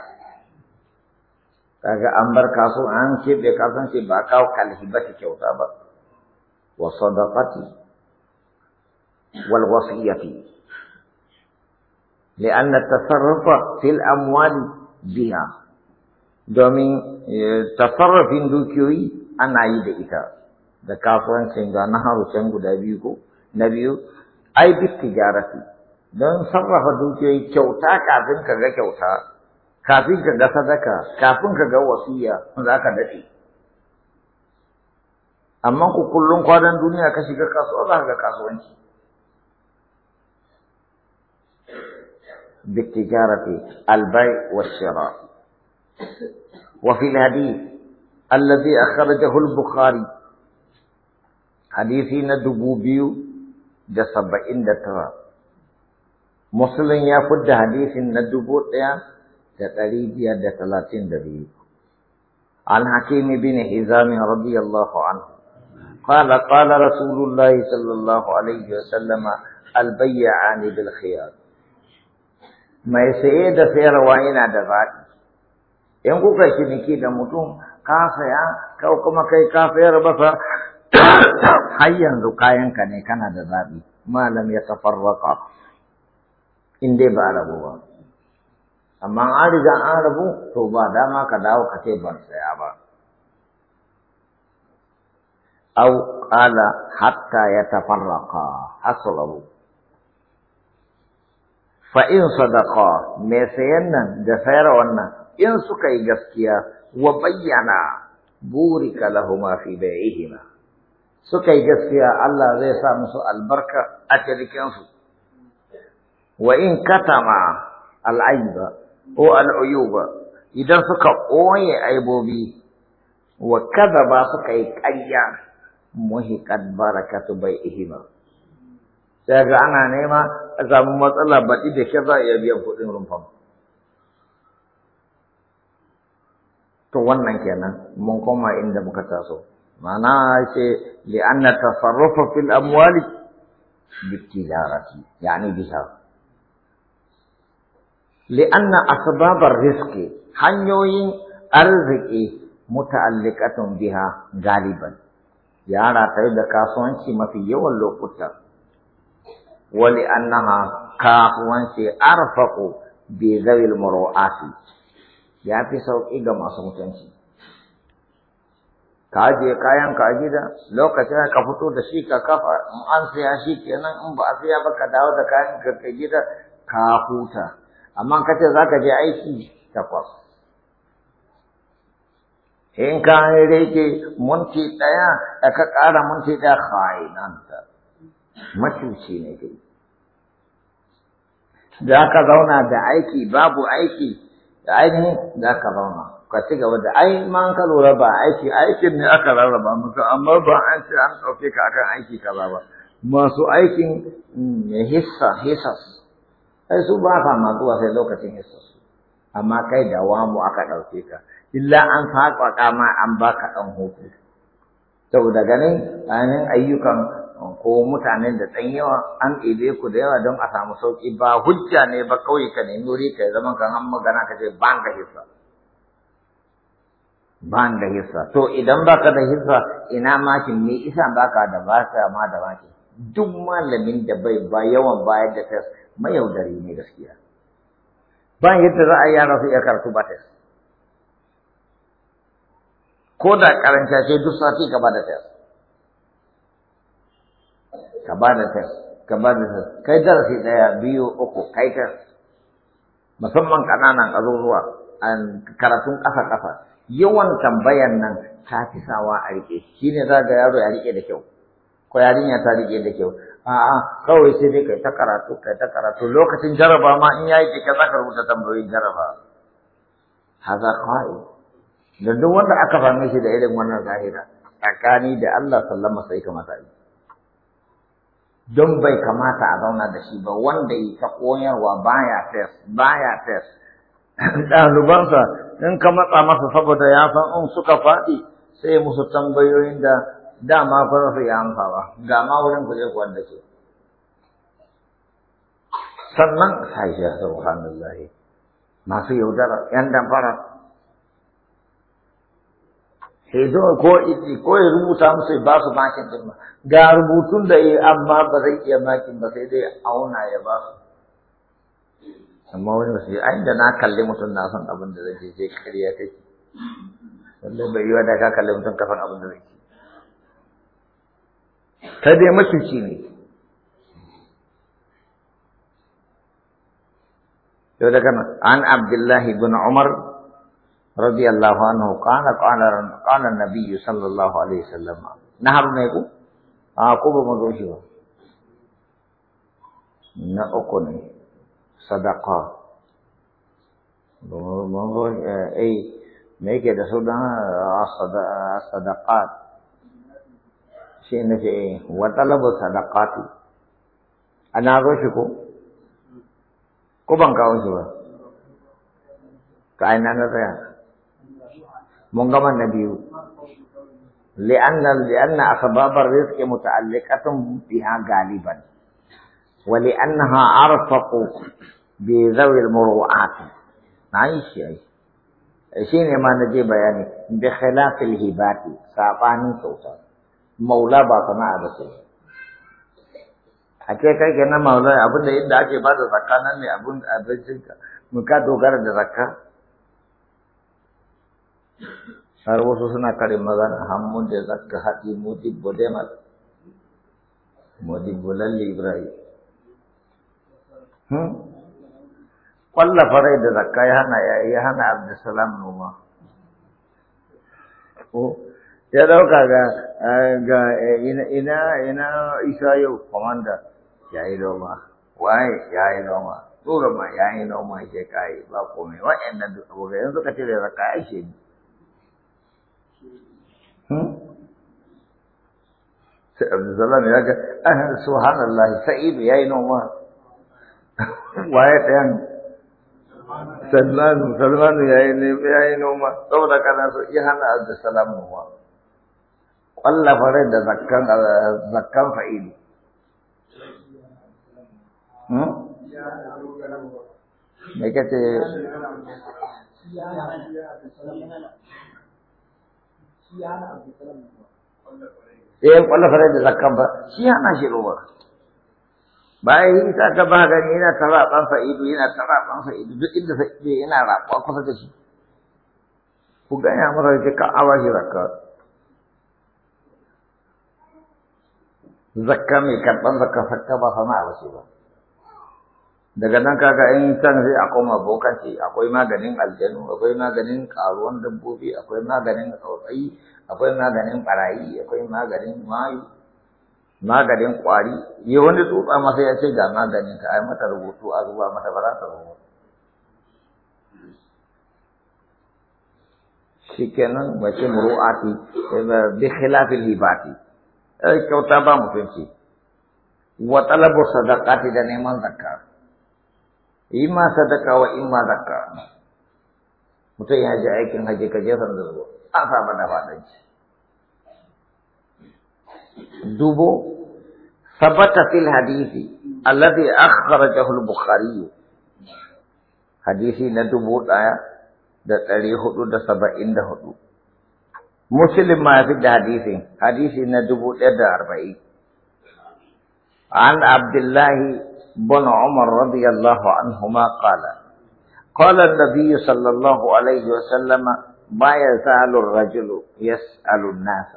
kaga an bar kaso an keɓe kasuwanci ba kawo kalhi ba ta kyauta ba وصدقتي والوصية لأن التصرف في الأموال بها دومين تصرف دوكيوي أنا عيد ita da kafuwancin ga na harucen guda biyu ko na biyu ai bi tijarati don sarrafa dukiyoyi kyauta kafin ka ga kyauta kafin ka ga sadaka kafin ka ga wasiya za ka dace amma ku kullum kwanan duniya ka shiga kasuwa za ka ga kasuwanci بالتجارة البيع والشراء وفي الحديث الذي أخرجه البخاري حديثي ندبوبيو دا سبعين دا ترى مسلم يفد حديث ندبو دا تقريبيا دا ثلاثين دا عن حكيم بن حزام رضي الله عنه قال قال رسول الله صلى الله عليه وسلم البيعان mai saye da sayarwa yana da zaɓi in kuka ciniki da mutum ka saya ka kuma kai ka sayar masa har yanzu kayanka ne kana da zaɓi malam ya tafarraka in dai ba rabu ba amma an riga an rabu to ba dama ka dawo ka ce ban saya ba أو قال حتى يتفرقا أصله فإن صدقا ميسينا دسير إن سكي جسكيا وبينا بورك لهما في بيعهما سكي جسكيا الله زي سامسو البركة أنسو وإن كتما العيب أو العيوب إذا سكي أوي عيبوبي وكذب سكي كريا muhiqat barakatu bai'ihima sai ga ana nema a samu matsala baɗi da shi za a iya biyan kuɗin rumfan to wannan kenan mun koma inda muka taso Mana ce li'anna tasarrufa fil amwali bitijarati yani biha li'anna asbabar rizqi hanyoyin arziki muta'alliqatun biha galiban ya rataye da kasuwanci mafi yawan lokuta wali annaha kasuwanci arfaqu bi zawil muru'ati ya fi sauƙi ga masu mutunci ka je kayan ka gida lokacin ka fito da shi ka kafa in an saya shi kenan in ba a saya ba ka dawo da kayan ka gida ka huta amma kace zaka je aiki takwas in ka rage munci ɗaya da ka ƙara munci ɗaya hainanta macuci ne dai da ka zauna da aiki babu aiki da ainihin da ka zauna ka ci gaba da ai ma ka lura ba aiki aikin ne aka rarraba musu amma ba an ce an ɗauke ka akan aiki kaza ba masu aikin mm, hissa hissas ai su ba ka zuwa sai lokacin hissas amma kai da wamu aka ɗauke ka illa an saƙaƙa ma an baka ɗan hutu saboda ganin ainihin ayyukan um, ko mutanen da ɗan yawa an ɗebe ku da yawa don a samu sauƙi ba hujja ne ba kawai ka nemi wuri ka zaman kan an magana ka ce ban ga hissa ban da hissa to idan baka da hissa ina makin me isa baka da ba ma da makin duk malamin da bai ba yawan bayar da test mayaudari ne gaskiya ba yadda za a yara su iya karatu ba test ko da karanta sai duk sati ka bada test ka bada test ka bada test kai darasi daya biyu uku kai test musamman kananan ƙaruruwa karatun ƙasa ƙasa yawan tambayan nan ta fi sawa a rike shine za ga yaro ya rike da kyau ko yarinya ta rike da kyau a'a kawai sai dai kai ta karatu kai ta karatu lokacin jaraba ma in yayi kike zaka rubuta tambayoyin jaraba haza qa'id da duk wanda aka same shi da irin wannan zahira tsakani da Allah sallama sai kamata yi don bai kamata a zauna da shi ba wanda yi ta koyarwa baya test baya fes. ɗalibansa in ka matsa masa saboda ya san in suka faɗi sai musu tambayoyin da dama ba su ya amsa ba ga ma wurin kuje ku wanda ke sannan sai ya subhanallahi masu yaudara yan damfara sai zuwa ko iti ko ya rubuta musu ba su makin din ga rubutun da ya amma ba zai iya makin ba sai dai auna ya ba su amma wani ba yi. ai da na kalli mutum na son abin da zai je kariya take wanda bai yi wa ka kalli mutum kafan abin da zai ta dai macuci ne yau da kana an abdullahi bin umar رضي الله عنه قال قال قال النبي صلى الله عليه وسلم نهر ne ku a ko ba mu zo ba na uku ne sadaka mun zo eh, eh me yake da su dan sadaqat shi ne ce wa talabu sadaqati ana zo shi ko ko ban kawo shi ba ka ina na tsaya منغما النبي لأن لأن أسباب الرزق متعلقة بها غالبا ولأنها أرفق بذوي المروءات معيش شيني ما نجيب يعني بخلاف الهبات ساقاني توتا مولا باطنا أبسل حقيقة kai مولا maulai abin da بعد ake bada zakka nan ne abin abincin har wasu suna karin magana hannun da zaka haɗi modibbo demal modibbo lalle ibrahim ƙwalla hmm? farai da zakka ya hana ya hana abdulsalam noma ya ɗauka ga ga e, ina ina isa yau komanda ya yi noma waye ya yi noma tura ma ya yi noma ke kayi ba komai wa'annan duk abokai yanzu ka cire zakka ya shi Hmm? sai abdulsalam ya ga ah, subhanallah sa'idu ya yi noma waye ɗayan salmanu salmanu ya yi noma saboda kana so ya hana abdulsalam noma ƙwalla fare da zakkan eh, sa'idu hmm? me kace shi eh, ya kwallo fara da zakkan ba shi ya hana shi ruwa bayan yi ta ta ba gani yana ta raɓan fa'idu yana ta raɓan fa'idu duk inda fa'idu yana raɓa kusa da shi ku gaya mara da ka awa shi zakka zakka mai karɓan zakka sakka ba sana'a ba shi ba daga nan kaga in can sai a koma bokaci akwai maganin aljanu akwai maganin karuwan dabbobi akwai maganin tsautsayi akwai maganin barayi akwai maganin mayu maganin kwari yi wani tsutsa masa ya ce ga maganin ka ai mata rubutu a zuba mata ba za ta shi kenan mace muru'ati bi khilafin hibati kyauta ba mutunci wa talabu sadaqati da neman zakka إما صدقة وإما ذكر متي هاجا أيكن هاجا كجا فندرو أفا بنا فادج دوبو ثبت في الحديث الذي أخرجه البخاري حديثي ندوبو آية دت علي هدو دا سبا إن دا هدو مسلم ما في الحديث حديثي ندوبو دا أربعين عن عبد الله بن عمر رضي الله عنهما قال قال النبي صلى الله عليه وسلم ما يزال الرجل يسأل الناس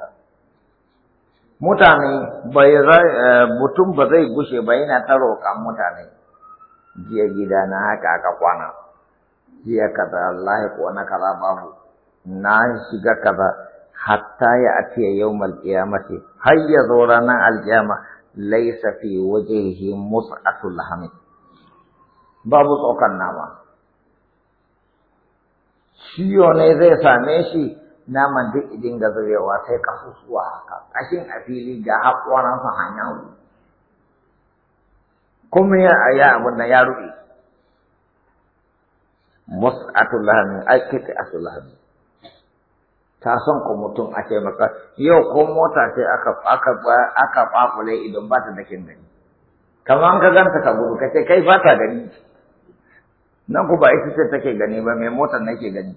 متاني بيضاي بطن بطي بشي بين تروك متاني جي جدانا هكا كوانا جي كذا الله كوانا كذا بابو ناشي كذا حتى يأتي يوم القيامة هيا دورنا القيامة laisa fi wajhihi mus'atul hamid babu tsokan nama ciwo ne zai same shi naman duk idin ga zubewa sai kasusuwa haka kashin a fili ga sa hanya kuma ya aya abin da ya rufe mus'atul hamid ai kike asul hamid ta son ko mutum a ce maka yau ko mota ce aka aka aka idan ba ta da gani kamar ka ganta ka gudu ka ce kai ba ta gani nan ku ba ita ce take gani ba mai motar nake gani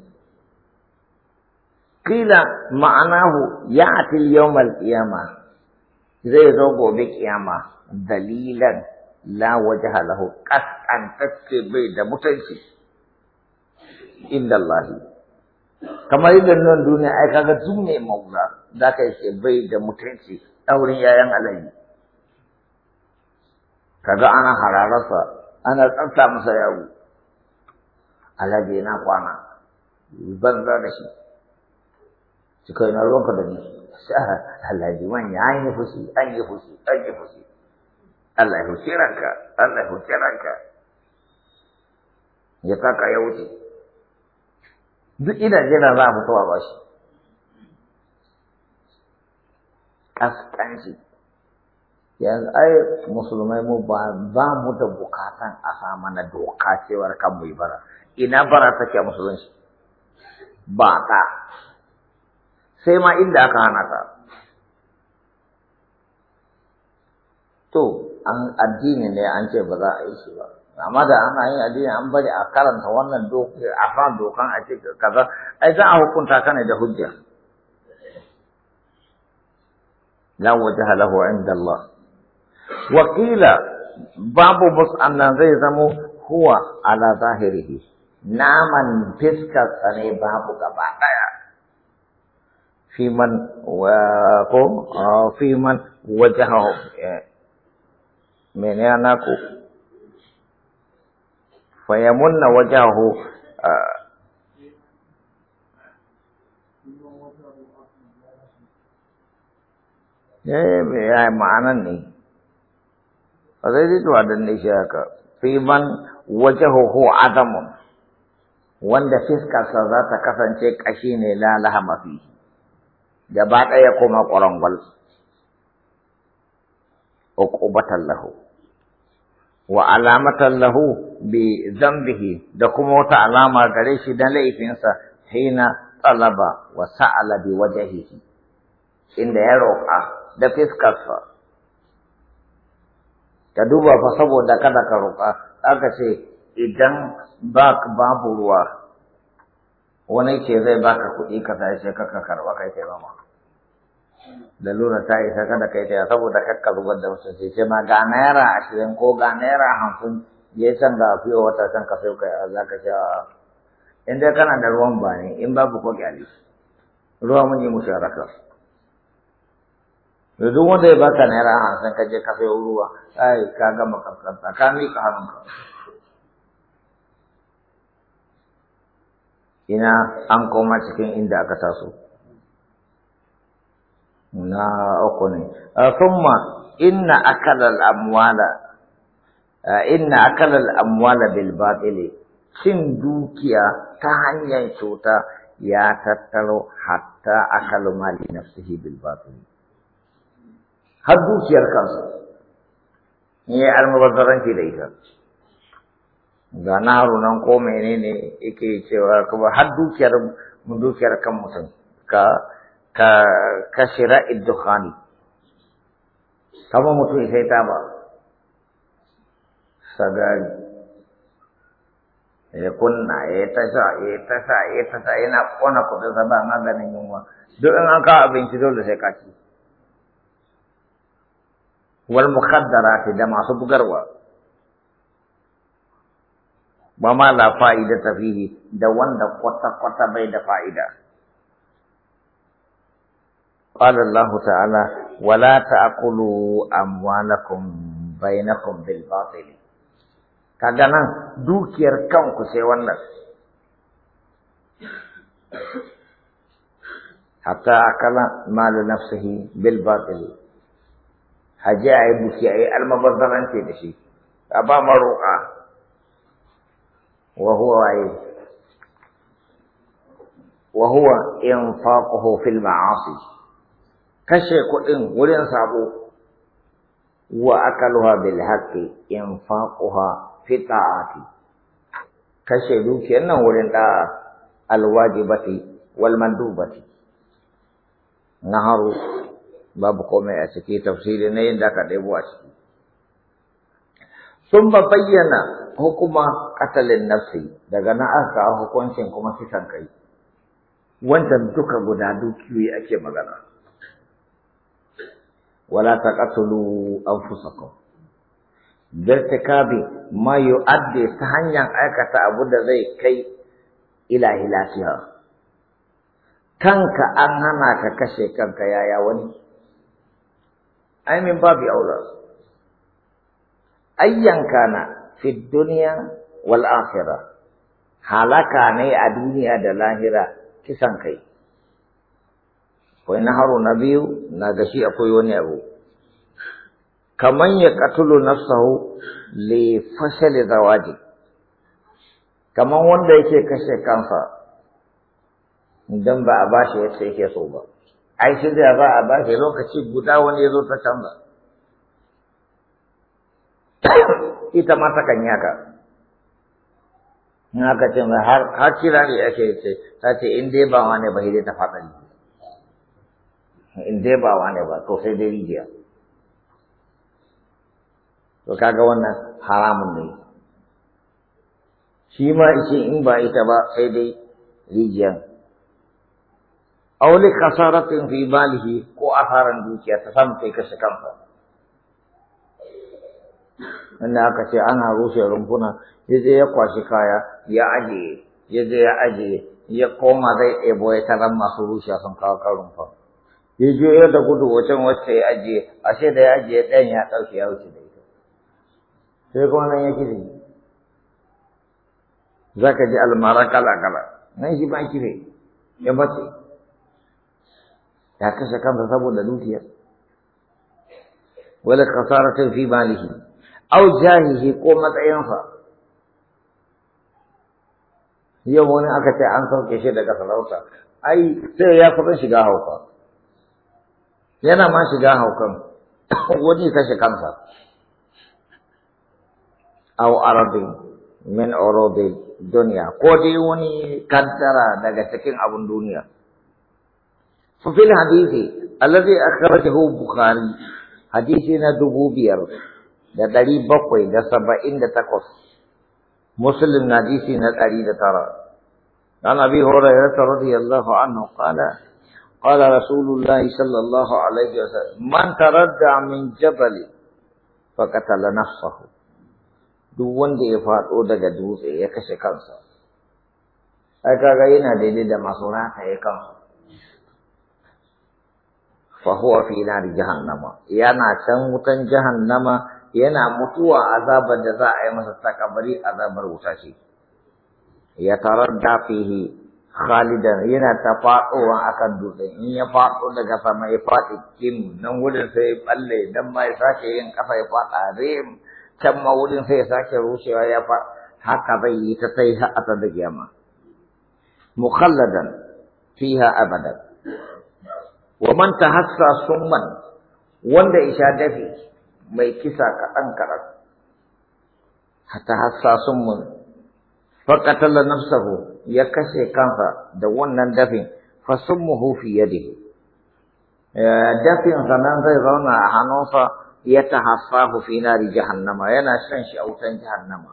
kila ma'anahu ya'ti yawmal qiyama zai zo gobe kiyama dalilan la wajha lahu kaskantacce bai da mutunci inda Allah kamar yadda nan duniya ai kaga duk ne maula da ka ce bai da mutunci ɗaurin yayan alayi kaga ana hararasa ana tsanta masa yawo alaje na kwana ban da shi su kai na ruwanka da ni alaje manya an yi fushi an yi fushi an yi fushi Allah ya huce ranka Allah ya huce ranka ya kaka ya wuce duk ina jina za a fito a bashi kaskanci yanzu ai musulmai mu ba za mu da bukatan a sa mana doka cewar kan mu bara ina bara take musulunci ba ta sai ma inda aka hana ta to an addini ne an ce ba za a yi shi ba amma da ana yin addini an bari a karanta wannan a sa dokan a ce kaza ai za a hukunta kana da hujja la wajha lahu inda Allah wa qila babu bus annan zai zamo huwa ala zahirihi naman fiska sane babu gaba daya fi man wa ko fi man wajaha menene naku fayamunna wajahu eh, yi ma'anan ne a zai zai zuwa don nishi haka fi man wajahu adamun wanda fiskarsa za ta kasance ƙashi ne lalaha mafi gaba ɗaya kuma ƙwarangwal ko batallahu? wa alamatan lahu bi zambihi da kuma wata alama gare shi da laifinsa hina talaba wa sa'ala bi wajhihi inda ya roƙa da fiskarsa ka duba fa saboda kada ka roƙa aka ce idan ba babu ruwa wani ke zai baka kuɗi ka tashi ka karɓa kai taimama lalura ta isa kada kai ta saboda kakka zubar da mutum sai sai ma ga naira ashirin ko ga naira hamsin ya can ga fiye wata can ka sauka kai za ka sha in dai kana da ruwan ba ne in babu ko gyali ruwa mun yi musharaka da duk wanda ya baka naira hamsin ka je ka sayo ruwa ai ka gama kankanta ka miƙa ka. ina an koma cikin inda aka taso na uku ne thumma ah, inna akalal amwala ah, inna akalal amwala bil batili cin dukiya ta hanyar cuta ya tattaro hatta akalu mali nafsihi bil batili har dukiyar kansa ne ya almubazzaranci da ita ga naru nan ko menene yake cewa kuma har dukiyar dukiyar kan mutum ka ka kashira iddukhani kama mutum sai ta ba sagari ya kunna ya tasha ya tasha ya tasha yana kona kudin sa ba maganin yunwa duk in an kawo abinci dole sai ka ci wal mukhaddarati da masu bugarwa ba ma la fa'ida ta fihi da wanda kwata kwata bai da fa'ida قال الله تعالى ولا تأكلوا أموالكم بينكم بالباطل كذا دوكير كم كسيوانا حتى أكل مال نفسه بالباطل حجاء بكي أي المبذل أنت بشي أبا مروعة وهو أي وهو إنفاقه في المعاصي kashe kuɗin wurin sabo wa akaluha bil haqqi infaquha fi ta'ati kashe dukiyar nan wurin da alwajibati wal mandubati naharu babu komai a ciki tafsiri ne da kaɗai ɗebo a ciki sun ba bayyana hukuma katalin nafsi daga na aka hukuncin kuma kisan kai wanda duka guda dukiyoyi ake magana wala taqatulu anfusakum birtikabi ma yu'addi ta hanyar aikata abu da zai kai ilahi lafiya kanka an hana ka kashe kanka yaya wani ai min babu aula ayyan kana fi duniya wal akhirah halaka ne a duniya da lahira kisan kai akwai na haro na biyu na gashi akwai wani abu kaman ya katulu nafsahu li fashali zawaji kaman wanda yake kashe kansa idan ba a bashi yadda yake so ba ai shi da ba a bashi lokaci guda wani ya zo ta canza ita ma takan yaka in aka ce har har kira ne ake ce ta ce in dai ba wani ba hidai ta faɗa ne in dai ba wane ba to sai dai rijiya to kaga wannan haramun ne shi ma ishe in ba ita ba sai dai rijiyan auli kasaratin fi balihi ko asaran dukiya ta samu kai kashe kansa wanda aka ce ana rushe rumfuna ya ya kwashi kaya ya ajiye ya ya ajiye ya koma zai ɗebo ya taron masu rushe sun kawo kan rumfuna ya ya da gudu wajen wacce ya ajiye ashe da ya ajiye ɗayan ya ɗauke ya wuce da ita sai kuma nan ya kire za ka ji almara kala kala nan shi ba kire ya mace ya kashe kansa saboda dukiyar wala khasaratin fi malihi au jahihi ko matsayinsa yau wani aka ce an sauke shi daga sarauta ai sai ya kusan shiga hauka yana ma shiga haukan wani kashe kansa au arabi min arabi duniya ko dai wani kaddara daga cikin abun duniya fa fil hadisi alladhi akhrajahu bukhari hadisi na dubu biyar da ɗari bakwai da saba'in da takwas muslim na hadisi na ɗari da tara عن ابي هريره رضي الله عنه قال قال رسول الله صلى الله عليه وسلم من تردع من جبل فقتل نفسه duk wanda ya faɗo daga dutse ya kashe kansa ai kaga yana daidai da masu rataye kansu fa huwa fi nari jahannama yana can wutan jahannama yana mutuwa azabar da za a yi masa takabari azabar wuta ce ya tarar da fihi khalidan yana ta faɗowa akan dutsen in ya faɗo daga sama ya faɗi kim nan wurin sai ya balle dan ma ya sake yin kafa ya faɗa rim can ma wurin sai ya sake rushewa ya fa haka zai yi ta sai har ta da kiyama mukhalladan fiha abadan wa man tahassa summan wanda isha dafi mai kisa kaɗan kaɗan hassa summan faqatala nafsahu ya kashe kansa da wannan dafin fasummuhu fi yadihi dafin sanan zai zauna a hannunsa ya tahassahu fi nari jahannama yana shan shi a wutan jahannama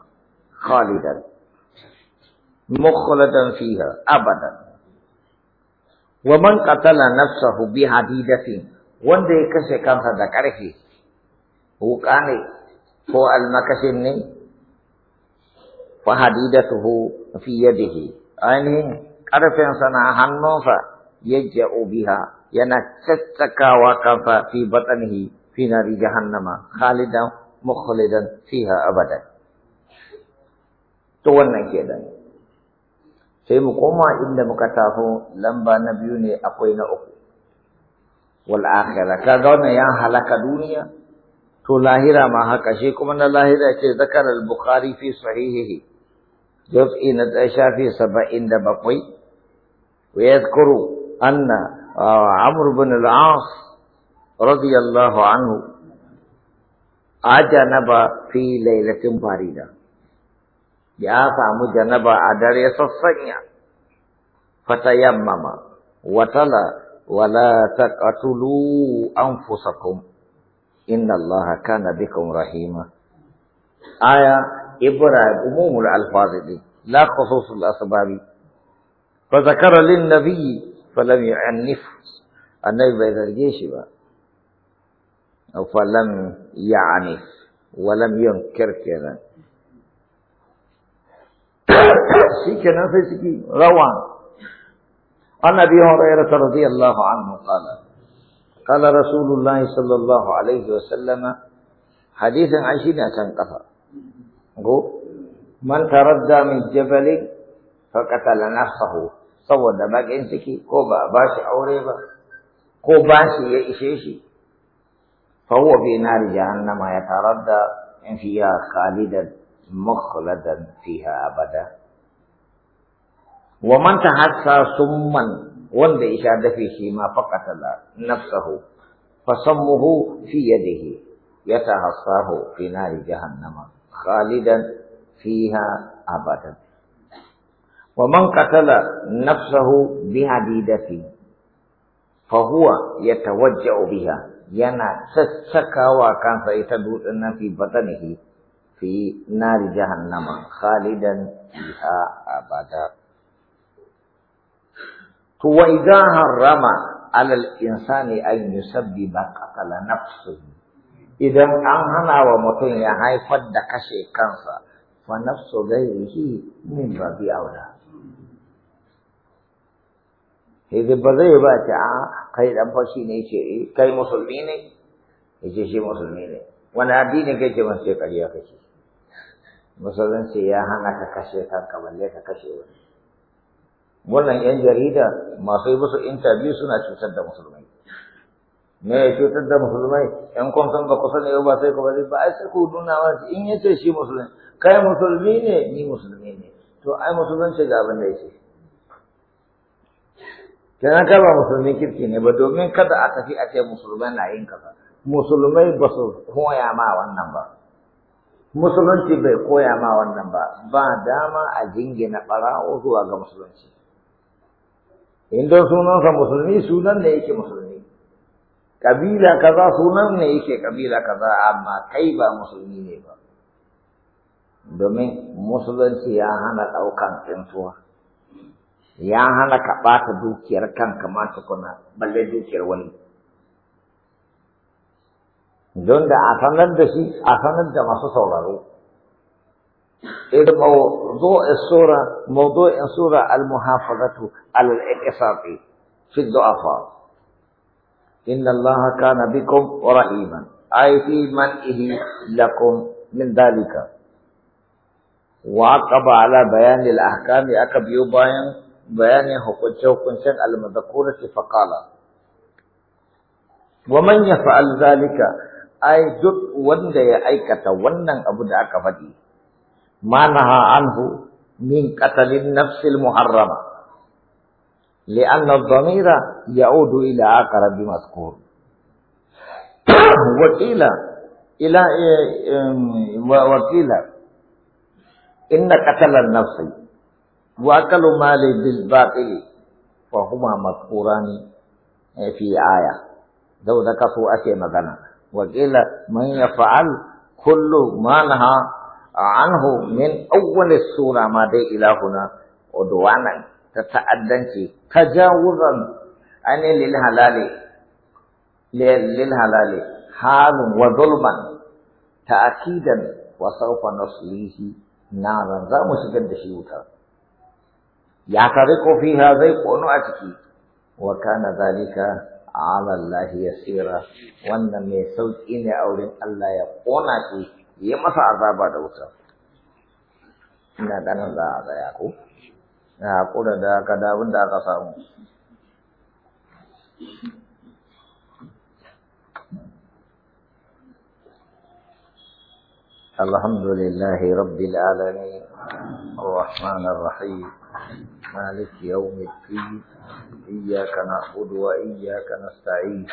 khalidan mukhladan fiha abadan wa man qatala nafsahu bi hadidatin wanda ya kashe kansa da karfi wuƙa ne ko almakashin ne fa hadidatuhu fi yadihi ainihin ƙarfinsa na hannunsa yajja biha yana caccakawa kansa fi batsanihi fi nari hannama khalidan mukhlidan fiha abadan to wannan kenan sai mu koma inda muka taho lamba na biyu ne akwai na uku wal akhirah kaga wannan ya halaka duniya to lahira ma haka shi kuma na lahira ce zakar al bukhari fi sahihihi جزء ندشا في سبعين دبقوي ويذكر أن آه، عمر بن العاص رضي الله عنه أجنب في ليلة باردة يا سامو جنب أدري سسنيا فتيمم وتلا ولا تقتلوا أنفسكم إن الله كان بكم رحيما آية عبرة عموم الألفاظ دي لا خصوص الأسباب فذكر للنبي فلم يعنف النبي بيت الجيش أو فلم يعنف ولم ينكر كذا سيكي نفسكي في روان عن أبي هريرة رضي الله عنه قال قال رسول الله صلى الله عليه وسلم حديثا عشرين كان قفر go man taradda min jabalin faqatala nafsahu saboda bakin ciki ko ba ba shi aure ba ko ba shi ya ishe shi fa huwa fi nari jahannama ya taradda in fiha khalidan mukhladan fiha abada wa man tahassa summan wanda isha dafi shi ma faqatala nafsahu fa sammuhu fi yadihi yatahassahu fi nari jahannama خالدا فيها أبدا ومن قتل نفسه بهديدتي فهو يتوجع بها ينا تسكا وكان سيتدود في بطنه في نار جهنم خالدا فيها أبدا وإذا هرم على الإنسان أن يسبب قتل نفسه idan an hana wa mutum ya haifar da kashe kansa fa nafsu ghairihi min babi aula idan ba zai ba ta a kai dan fashi ne ce eh, kai musulmi ne yace shi musulmi ne wani addini kai ce masa ƙarya kake musulunci ya hana ka kashe kanka balle ka kashe wani wannan yan jarida masu yi musu intabi suna cutar da musulmai me ya cutar da musulmai yan kwamfan ba kusa yau ba sai ka bari ba ai sai ku nuna wa in ya ce shi musulmi kai musulmi ne ni musulmi ne to ai musulunci ga abin da ya ce kenan kai ba musulmi kirki ne ba domin kada aka fi a ce musulmai na yin kaza musulmai ba su koya ma wannan ba musulunci bai koya ma wannan ba ba dama a jingina ɓarawo zuwa ga musulunci Indon sunansa musulmi sunan da yake musulmi kabila kaza sunan ne yake kabila kaza amma kai ba musulmi ne ba domin musulunci ya hana ɗaukan tsintuwa ya hana ka ɓata dukiyar kanka ma tukuna balle dukiyar wani don da a sanar da shi a sanar da masu sauraro موضوع السورة موضوع السورة المحافظة على الانقساط في الضعفاء إن الله كان بكم رحيما أي في منعه لكم من ذلك وعقب على بيان الأحكام أكب يبين بيان حكمته وكنشن المذكورة فقال ومن يفعل ذلك أي جد وند أيكة ونن أبو دعك فدي ما نهى عنه من قتل النفس المحرمة لأن الضمير يعود إلى أقرب مذكور وقيل إلى وقيل إن قتل النفس وأكل مال بالباطل فهما مذكوران في آية لو ذكروا أشياء مثلا وقيل من يفعل كل ما نهى عنه من أول السورة ما دي إلى هنا عدوانا تتعدنش tajawuzan an lil halali lil halali halun wa zulman ta'kidan wa sawfa za mu shigar da shi wuta ya kare ko fiha zai kono a ciki wa kana zalika ala allahi yasira wannan mai sauki ne a wurin Allah ya kona shi yi masa azaba da wuta ina ganin za a tsaya ko na haƙura da kadabin da aka samu alhamdulillah rabbil alamin rahmanir rahim maliki yawmiddin إياك نعبد وإياك نستعين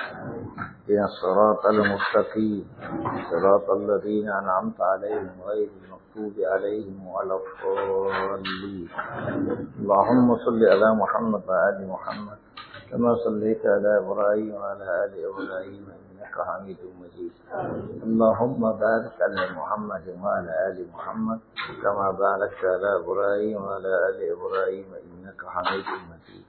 إن الصراط المستقيم صراط الذين أنعمت عليهم غير المكتوب عليهم ولا الضالين اللهم صل على محمد وآل محمد كما صليت على إبراهيم وعلى آل إبراهيم إنك حميد مجيد اللهم بارك على محمد وعلى آل محمد كما باركت على إبراهيم وعلى آل إبراهيم إنك حميد مجيد